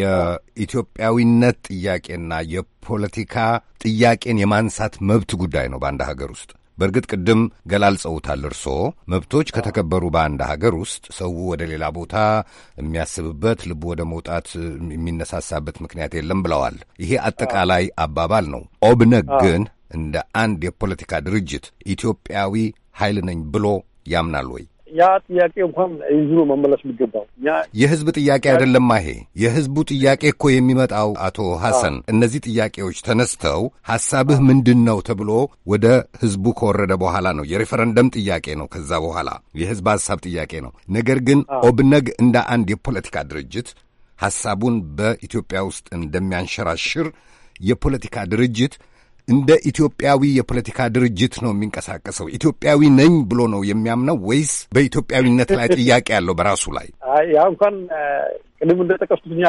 የኢትዮጵያዊነት ጥያቄና የፖለቲካ ጥያቄን የማንሳት መብት ጉዳይ ነው በአንድ ሀገር ውስጥ በእርግጥ ቅድም ገላልጸውታል። እርስዎ መብቶች ከተከበሩ በአንድ ሀገር ውስጥ ሰው ወደ ሌላ ቦታ የሚያስብበት ልቡ ወደ መውጣት የሚነሳሳበት ምክንያት የለም ብለዋል። ይሄ አጠቃላይ አባባል ነው። ኦብነግ ግን እንደ አንድ የፖለቲካ ድርጅት ኢትዮጵያዊ ኃይል ነኝ ብሎ ያምናል ወይ? ያ ጥያቄ እንኳን ይዝሮ መመለስ የሚገባው የህዝብ ጥያቄ አይደለም። ማሄ የህዝቡ ጥያቄ እኮ የሚመጣው አቶ ሐሰን፣ እነዚህ ጥያቄዎች ተነስተው ሐሳብህ ምንድን ነው ተብሎ ወደ ህዝቡ ከወረደ በኋላ ነው። የሬፈረንደም ጥያቄ ነው። ከዛ በኋላ የህዝብ ሐሳብ ጥያቄ ነው። ነገር ግን ኦብነግ እንደ አንድ የፖለቲካ ድርጅት ሐሳቡን በኢትዮጵያ ውስጥ እንደሚያንሸራሽር የፖለቲካ ድርጅት እንደ ኢትዮጵያዊ የፖለቲካ ድርጅት ነው የሚንቀሳቀሰው? ኢትዮጵያዊ ነኝ ብሎ ነው የሚያምነው ወይስ በኢትዮጵያዊነት ላይ [laughs] ጥያቄ ያለው በራሱ ላይ? ያ እንኳን ቅድም እንደጠቀስኩት እኛ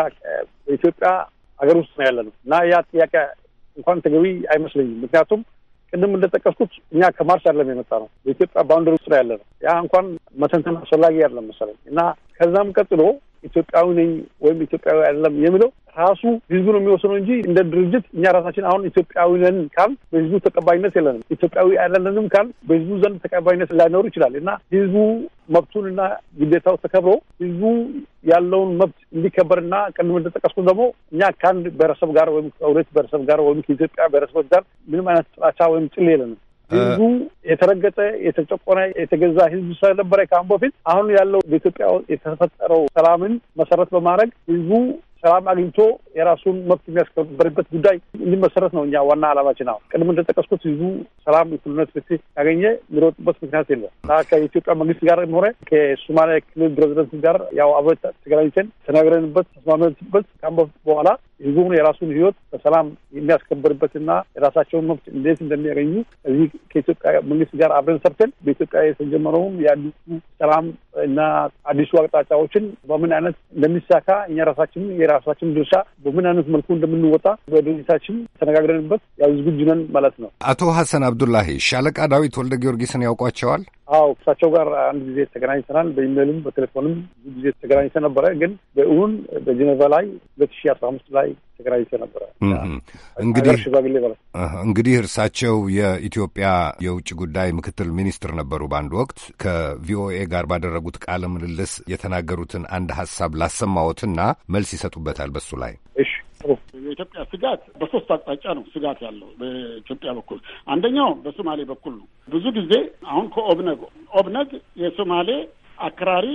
በኢትዮጵያ ሀገር ውስጥ ነው ያለ ነው እና ያ ጥያቄ እንኳን ተገቢ አይመስለኝም። ምክንያቱም ቅድም እንደጠቀስኩት እኛ ከማርስ አይደለም የመጣ ነው በኢትዮጵያ ባውንደሪ ውስጥ ነው ያለ ነው። ያ እንኳን መተንተን አስፈላጊ አይደለም መሰለኝ እና ከዛም ቀጥሎ ኢትዮጵያዊ ነኝ ወይም ኢትዮጵያዊ አይደለም የሚለው ራሱ ህዝቡ ነው የሚወስነው እንጂ እንደ ድርጅት እኛ ራሳችን አሁን ኢትዮጵያዊ ነን ካል በህዝቡ ተቀባይነት የለንም። ኢትዮጵያዊ አይደለንም ካል በህዝቡ ዘንድ ተቀባይነት ላይኖር ይችላል እና ህዝቡ መብቱንና ግዴታው ተከብሮ ህዝቡ ያለውን መብት እንዲከበርና ቅድም እንደጠቀስኩ ደግሞ እኛ ከአንድ ብሔረሰብ ጋር ወይም ከሁለት ብሔረሰብ ጋር ወይም ከኢትዮጵያ ብሔረሰቦች ጋር ምንም አይነት ጥላቻ ወይም ጥል የለንም። ህዝቡ የተረገጠ የተጨቆነ የተገዛ ህዝብ ስለነበረ ከአሁን በፊት አሁን ያለው በኢትዮጵያ የተፈጠረው ሰላምን መሰረት በማድረግ ህዝቡ ሰላም አግኝቶ የራሱን መብት የሚያስከበርበት ጉዳይ እንዲመሰረት ነው እኛ ዋና አላማችን። አሁን ቅድም እንደጠቀስኩት ህዝቡ ሰላም፣ እኩልነት፣ ፍትህ ያገኘ የሚሮጥበት ምክንያት የለም ከኢትዮጵያ መንግስት ጋር ሆነ ከሶማሊያ ክልል ፕሬዚደንት ጋር ያው አብረት ተገናኝተን ተናግረንበት ተስማምነንበት ከአሁን በኋላ ህዝቡን የራሱን ህይወት በሰላም የሚያስከብርበትና የራሳቸውን መብት እንዴት እንደሚያገኙ እዚህ ከኢትዮጵያ መንግስት ጋር አብረን ሰርተን በኢትዮጵያ የተጀመረውም የአዲሱ ሰላም እና አዲሱ አቅጣጫዎችን በምን አይነት እንደሚሳካ እኛ ራሳችን የራሳችን ድርሻ በምን አይነት መልኩ እንደምንወጣ በድርጅታችን ተነጋግረንበት ያው ዝግጁ ነን ማለት ነው። አቶ ሀሰን አብዱላሂ ሻለቃ ዳዊት ወልደ ጊዮርጊስን ያውቋቸዋል? አዎ እሳቸው ጋር አንድ ጊዜ ተገናኝተናል። በኢሜልም በቴሌፎንም ብዙ ጊዜ ተገናኝተ ነበረ። ግን በእውን በጄኔቫ ላይ ሁለት ሺ አስራ አምስት ላይ ተገናኝተ ነበረ። እንግዲህ ሽባግሌ ማለት እንግዲህ እርሳቸው የኢትዮጵያ የውጭ ጉዳይ ምክትል ሚኒስትር ነበሩ። በአንድ ወቅት ከቪኦኤ ጋር ባደረጉት ቃለ ምልልስ የተናገሩትን አንድ ሀሳብ ላሰማዎትና መልስ ይሰጡበታል በሱ ላይ እሺ የኢትዮጵያ ስጋት በሶስት አቅጣጫ ነው ስጋት ያለው በኢትዮጵያ በኩል አንደኛው በሶማሌ በኩል ነው። ብዙ ጊዜ አሁን ከኦብነግ ኦብነግ የሶማሌ አክራሪ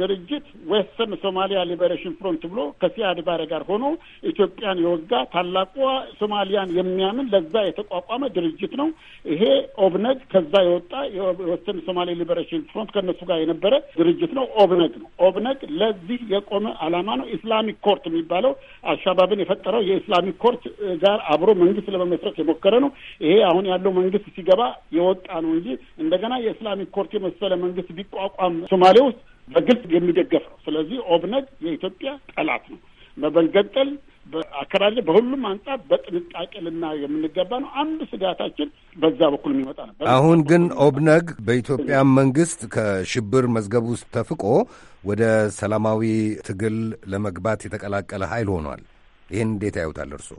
ድርጅት ዌስተርን ሶማሊያ ሊበሬሽን ፍሮንት ብሎ ከሲያድ ባሬ ጋር ሆኖ ኢትዮጵያን የወጋ ታላቋ ሶማሊያን የሚያምን ለዛ የተቋቋመ ድርጅት ነው። ይሄ ኦብነግ ከዛ የወጣ የዌስተርን ሶማሊያ ሊበሬሽን ፍሮንት ከእነሱ ጋር የነበረ ድርጅት ነው። ኦብነግ ነው። ኦብነግ ለዚህ የቆመ አላማ ነው። ኢስላሚክ ኮርት የሚባለው አልሻባብን የፈጠረው የኢስላሚክ ኮርት ጋር አብሮ መንግስት ለመመስረት የሞከረ ነው። ይሄ አሁን ያለው መንግስት ሲገባ የወጣ ነው እንጂ እንደገና የኢስላሚክ ኮርት የመሰለ መንግስት ቢቋቋም ሶማሌ ውስጥ በግልጽ የሚደገፍ ነው። ስለዚህ ኦብነግ የኢትዮጵያ ጠላት ነው። በመንገንጠል በአከራለ በሁሉም አንጻር በጥንቃቄ ልና የምንገባ ነው። አንድ ስጋታችን በዛ በኩል የሚመጣ ነበር። አሁን ግን ኦብነግ በኢትዮጵያ መንግስት ከሽብር መዝገብ ውስጥ ተፍቆ ወደ ሰላማዊ ትግል ለመግባት የተቀላቀለ ኃይል ሆኗል። ይህን እንዴት ያዩታል እርስዎ?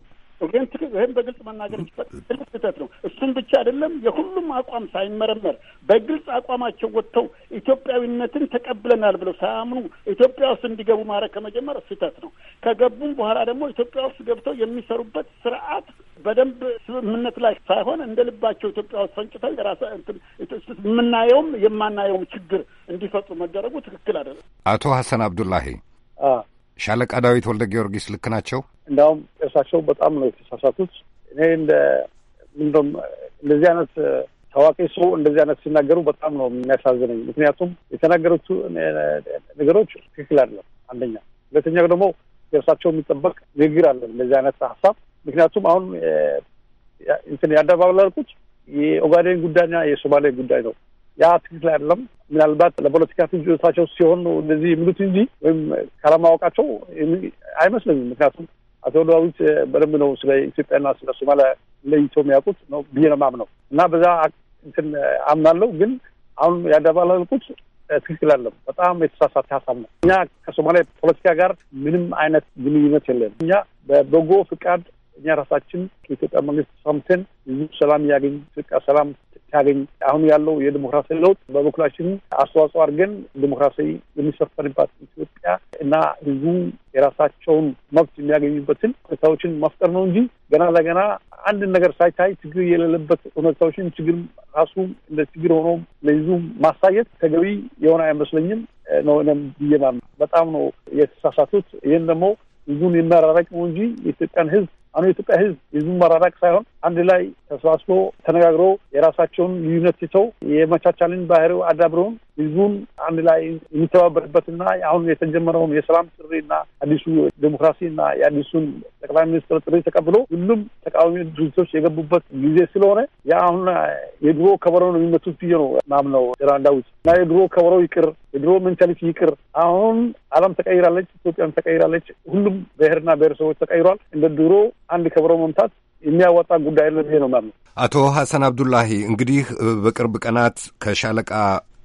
ይህም በግልጽ መናገር ትልቅ ስህተት ነው። እሱም ብቻ አይደለም፣ የሁሉም አቋም ሳይመረመር በግልጽ አቋማቸው ወጥተው ኢትዮጵያዊነትን ተቀብለናል ብለው ሳያምኑ ኢትዮጵያ ውስጥ እንዲገቡ ማድረግ ከመጀመር ስህተት ነው። ከገቡም በኋላ ደግሞ ኢትዮጵያ ውስጥ ገብተው የሚሰሩበት ስርዓት በደንብ ስምምነት ላይ ሳይሆን እንደ ልባቸው ኢትዮጵያ ውስጥ ፈንጭተው የራሰ የምናየውም የማናየውም ችግር እንዲፈጡ መደረጉ ትክክል አይደለም። አቶ ሀሰን አብዱላሂ ሻለቃ ዳዊት ወልደ ጊዮርጊስ ልክ ናቸው? እንዲያውም እርሳቸው በጣም ነው የተሳሳቱት። እኔ እንደ ምንድም እንደዚህ አይነት ታዋቂ ሰው እንደዚህ አይነት ሲናገሩ በጣም ነው የሚያሳዝነኝ። ምክንያቱም የተናገሩት ነገሮች ትክክል አይደለም። አንደኛ፣ ሁለተኛ ደግሞ የእርሳቸው የሚጠበቅ ንግግር አለ እንደዚህ አይነት ሀሳብ ምክንያቱም አሁን እንትን ያደባበላልኩት የኦጋዴን ጉዳይና የሶማሌ ጉዳይ ነው። ያ ትክክል አይደለም። ምናልባት ለፖለቲካ ፍጆታቸው ሲሆን እንደዚህ የሚሉት እንጂ ወይም ካለማወቃቸው አይመስለኝም። ምክንያቱም አቶ ዳዊት በደንብ ነው ስለ ኢትዮጵያና ስለ ሶማሊያ ለይቶ የሚያውቁት ነው ብዬ ነው የማምነው እና በዛ እንትን አምናለሁ። ግን አሁን ያደባለልኩት ትክክል አለም። በጣም የተሳሳተ ሀሳብ ነው። እኛ ከሶማሊያ ፖለቲካ ጋር ምንም አይነት ግንኙነት የለም። እኛ በበጎ ፍቃድ እኛ ራሳችን ከኢትዮጵያ መንግስት ሰምተን ህዝቡ ሰላም እያገኝ ኢትዮጵያ ሰላም ሲያገኝ አሁን ያለው የዲሞክራሲ ለውጥ በበኩላችን አስተዋጽኦ አድርገን ዲሞክራሲ የሚሰፈንባት ኢትዮጵያ እና ህዝቡ የራሳቸውን መብት የሚያገኙበትን ሁኔታዎችን መፍጠር ነው እንጂ ገና ለገና አንድን ነገር ሳይታይ ችግር የሌለበት ሁኔታዎችን ችግር ራሱ እንደ ችግር ሆኖ ለህዝቡ ማሳየት ተገቢ የሆነ አይመስለኝም ነው ብዬ በጣም ነው የተሳሳቱት። ይህን ደግሞ ህዝቡን የሚያራራቅ ነው እንጂ የኢትዮጵያን ህዝብ አሁን የኢትዮጵያ ህዝብ ህዝቡን መራራቅ ሳይሆን አንድ ላይ ተሰባስቦ ተነጋግሮ የራሳቸውን ልዩነት ሲተው የመቻቻልን ባህር አዳብረውን ህዝቡን አንድ ላይ የሚተባበርበትና አሁን የተጀመረውን የሰላም ጥሪና አዲሱ ዴሞክራሲና የአዲሱን ጠቅላይ ሚኒስትር ጥሪ ተቀብሎ ሁሉም ተቃዋሚ ድርጅቶች የገቡበት ጊዜ ስለሆነ ያ አሁን የድሮ ከበሮ ነው የሚመቱት ብዬ ነው ማምነው። ውጭ እና የድሮ ከበሮ ይቅር፣ የድሮ ሜንታሊቲ ይቅር። አሁን አለም ተቀይራለች፣ ኢትዮጵያም ተቀይራለች። ሁሉም ብሔርና ብሔረሰቦች ተቀይሯል። እንደ ድሮ አንድ ከብሮ መምታት የሚያወጣ ጉዳይ ነው ነው ማለት ነው። አቶ ሐሰን አብዱላሂ እንግዲህ በቅርብ ቀናት ከሻለቃ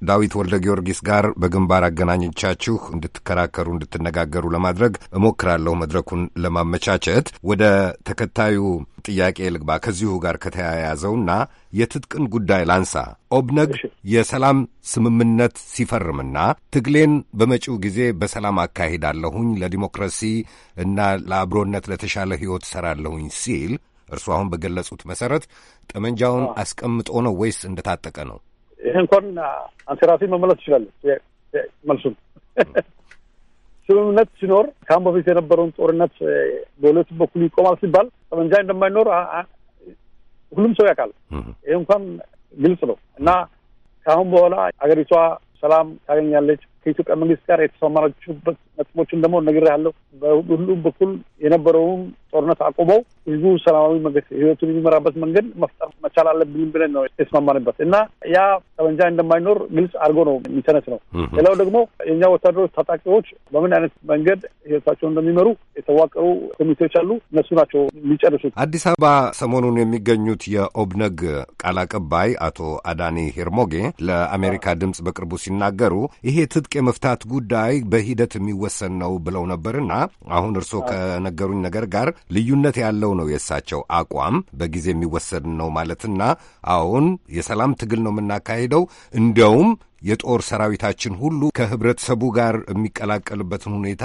ዳዊት ወልደ ጊዮርጊስ ጋር በግንባር አገናኝቻችሁ እንድትከራከሩ እንድትነጋገሩ ለማድረግ እሞክራለሁ መድረኩን ለማመቻቸት። ወደ ተከታዩ ጥያቄ ልግባ። ከዚሁ ጋር ከተያያዘውና የትጥቅን ጉዳይ ላንሳ። ኦብነግ የሰላም ስምምነት ሲፈርምና ትግሌን በመጪው ጊዜ በሰላም አካሂዳለሁኝ ለዲሞክራሲ እና ለአብሮነት ለተሻለ ሕይወት ሰራለሁኝ ሲል እርሱ አሁን በገለጹት መሰረት ጠመንጃውን አስቀምጦ ነው ወይስ እንደታጠቀ ነው? ይሄ እንኳን አንተ ራሴ መመለስ ትችላለህ። መልሱን [laughs] ስምምነት ሲኖር ከአሁን በፊት የነበረውን ጦርነት በሁለቱ በኩል ይቆማል ሲባል ጠመንጃ እንደማይኖር ሁሉም ሰው ያውቃል። ይህ እንኳን ግልጽ ነው እና ከአሁን በኋላ አገሪቷ ሰላም ታገኛለች ከኢትዮጵያ መንግስት ጋር የተሰማራችሁበት ነጥቦችን ደግሞ ነገር ያለው በሁሉም በኩል የነበረውን ጦርነት አቁመው ህዝቡ ሰላማዊ መንገድ ህይወቱን የሚመራበት መንገድ መፍጠር መቻል አለብኝ ብለን ነው የተስማማንበት እና ያ ጠመንጃ እንደማይኖር ግልጽ አድርጎ ነው የሚተነት ነው። ሌላው ደግሞ የእኛ ወታደሮች ታጣቂዎች በምን አይነት መንገድ ህይወታቸውን እንደሚመሩ የተዋቀሩ ኮሚቴዎች አሉ። እነሱ ናቸው የሚጨርሱት። አዲስ አበባ ሰሞኑን የሚገኙት የኦብነግ ቃል አቀባይ አቶ አዳኒ ሄርሞጌ ለአሜሪካ ድምጽ በቅርቡ ሲናገሩ ይሄ ትጥቅ የመፍታት ጉዳይ በሂደት የሚወሰን ነው ብለው ነበርና አሁን እርስዎ ከነገሩኝ ነገር ጋር ልዩነት ያለው ነው የእሳቸው አቋም በጊዜ የሚወሰን ነው ማለትና አሁን የሰላም ትግል ነው የምናካሄደው እንዲያውም የጦር ሰራዊታችን ሁሉ ከህብረተሰቡ ጋር የሚቀላቀልበትን ሁኔታ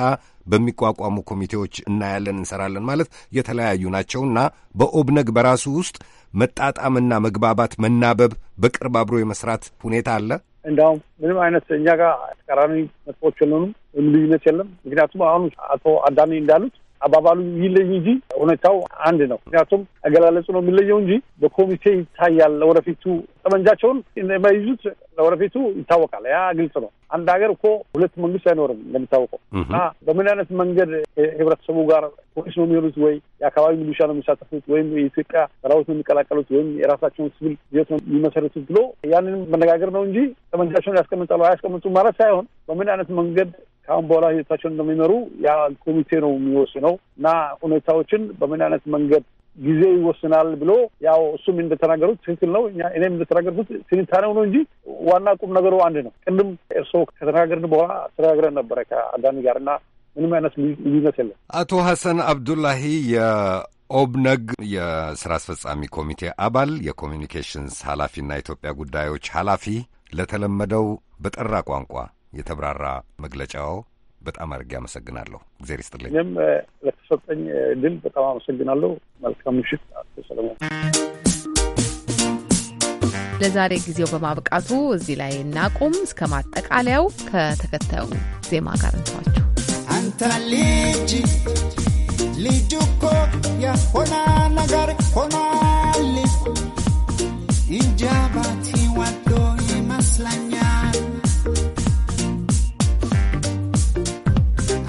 በሚቋቋሙ ኮሚቴዎች እናያለን፣ እንሰራለን ማለት የተለያዩ ናቸውና በኦብነግ በራሱ ውስጥ መጣጣምና መግባባት፣ መናበብ፣ በቅርብ አብሮ የመስራት ሁኔታ አለ። እንዲሁም ምንም አይነት እኛ ጋር ተቃራኒ መጥፎች የለንም ልዩነት የለም። ምክንያቱም አሁን አቶ አዳኒ እንዳሉት አባባሉ ይለኝ እንጂ ሁኔታው አንድ ነው። ምክንያቱም አገላለጹ ነው የሚለየው እንጂ በኮሚቴ ይታያል። ለወደፊቱ ጠመንጃቸውን እንደማይዙት ለወደፊቱ ይታወቃል። ያ ግልጽ ነው። አንድ ሀገር እኮ ሁለት መንግስት አይኖርም እንደሚታወቀው እና በምን አይነት መንገድ ህብረተሰቡ ጋር ፖሊስ ነው የሚሆኑት ወይ የአካባቢ ሚሊሻ ነው የሚሳተፉት ወይም የኢትዮጵያ ሰራዊት ነው የሚቀላቀሉት ወይም የራሳቸውን ሲቪል ህይወት ነው የሚመሰረቱት ብሎ ያንን መነጋገር ነው እንጂ ጠመንጃቸውን ያስቀምጣሉ አያስቀምጡ ማለት ሳይሆን በምን አይነት መንገድ ከአሁን በኋላ ህይወታቸውን እንደሚመሩ ያ ኮሚቴ ነው የሚወስነው እና ሁኔታዎችን በምን አይነት መንገድ ጊዜ ይወስናል ብሎ ያው እሱም እንደተናገሩት ትክክል ነው። እኔም እንደተናገርኩት ትንታኔው ነው እንጂ ዋና ቁም ነገሩ አንድ ነው። ቅድም እርስዎ ከተነጋገርን በኋላ ተነጋግረን ነበረ ከአዳሚ ጋር እና ምንም አይነት ልዩነት የለም። አቶ ሀሰን አብዱላሂ ኦብነግ የስራ አስፈጻሚ ኮሚቴ አባል የኮሚኒኬሽንስ ኃላፊና የኢትዮጵያ ጉዳዮች ኃላፊ ለተለመደው በጠራ ቋንቋ የተብራራ መግለጫው በጣም አድርጌ አመሰግናለሁ። እግዜር ይስጥልኝ። እኔም ለተሰጠኝ ድል በጣም አመሰግናለሁ። መልካም ምሽት አቶ ሰለሞን። ለዛሬ ጊዜው በማብቃቱ እዚህ ላይ እናቁም። እስከ ማጠቃለያው ከተከታዩ ዜማ ጋር እንተዋችሁ። አንተ ልጅ ልጅ እኮ የሆነ ነገር ሆኗል። ኢጃባቲ ዋዶ ይመስለኛል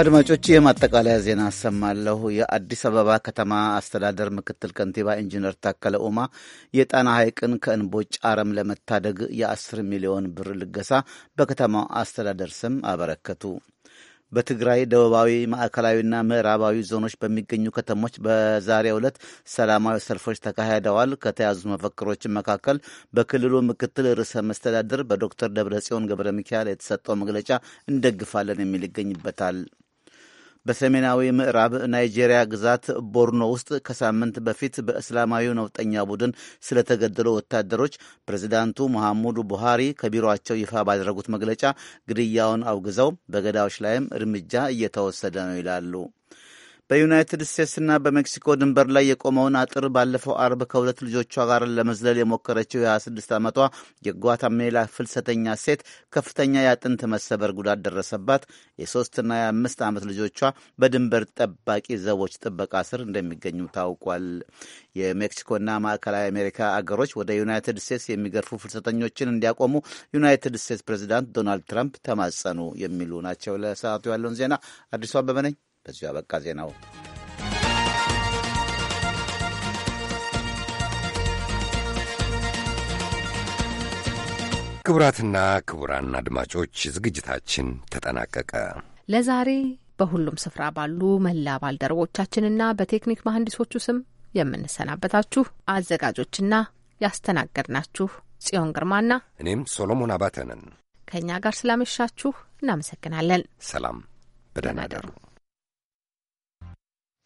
አድማጮች የማጠቃለያ ዜና አሰማለሁ። የአዲስ አበባ ከተማ አስተዳደር ምክትል ከንቲባ ኢንጂነር ታከለ ኡማ የጣና ሐይቅን ከእንቦጭ አረም ለመታደግ የ10 ሚሊዮን ብር ልገሳ በከተማው አስተዳደር ስም አበረከቱ። በትግራይ ደቡባዊ፣ ማዕከላዊና ምዕራባዊ ዞኖች በሚገኙ ከተሞች በዛሬ ዕለት ሰላማዊ ሰልፎች ተካሂደዋል። ከተያዙት መፈክሮችን መካከል በክልሉ ምክትል ርዕሰ መስተዳድር በዶክተር ደብረጽዮን ገብረ ሚካኤል የተሰጠው መግለጫ እንደግፋለን የሚል ይገኝበታል። በሰሜናዊ ምዕራብ ናይጄሪያ ግዛት ቦርኖ ውስጥ ከሳምንት በፊት በእስላማዊ ነውጠኛ ቡድን ስለተገደሉ ወታደሮች ፕሬዚዳንቱ መሐሙድ ቡሃሪ ከቢሮቸው ይፋ ባደረጉት መግለጫ ግድያውን አውግዘው በገዳዮች ላይም እርምጃ እየተወሰደ ነው ይላሉ። በዩናይትድ ስቴትስና በሜክሲኮ ድንበር ላይ የቆመውን አጥር ባለፈው አርብ ከሁለት ልጆቿ ጋር ለመዝለል የሞከረችው የ26 ዓመቷ የጓታሜላ ፍልሰተኛ ሴት ከፍተኛ የአጥንት መሰበር ጉዳት ደረሰባት። የሶስትና የአምስት ዓመት ልጆቿ በድንበር ጠባቂ ዘቦች ጥበቃ ስር እንደሚገኙ ታውቋል። የሜክሲኮና ማዕከላዊ አሜሪካ አገሮች ወደ ዩናይትድ ስቴትስ የሚገርፉ ፍልሰተኞችን እንዲያቆሙ ዩናይትድ ስቴትስ ፕሬዚዳንት ዶናልድ ትራምፕ ተማጸኑ የሚሉ ናቸው። ለሰዓቱ ያለውን ዜና አዲሱ አበበ ነኝ። በዚሁ አበቃ ዜናው። ክቡራትና ክቡራን አድማጮች ዝግጅታችን ተጠናቀቀ። ለዛሬ በሁሉም ስፍራ ባሉ መላ ባልደረቦቻችንና በቴክኒክ መሐንዲሶቹ ስም የምንሰናበታችሁ አዘጋጆችና ያስተናገድናችሁ ጽዮን ግርማና እኔም ሶሎሞን አባተ ነን። ከእኛ ጋር ስላመሻችሁ እናመሰግናለን። ሰላም፣ በደህና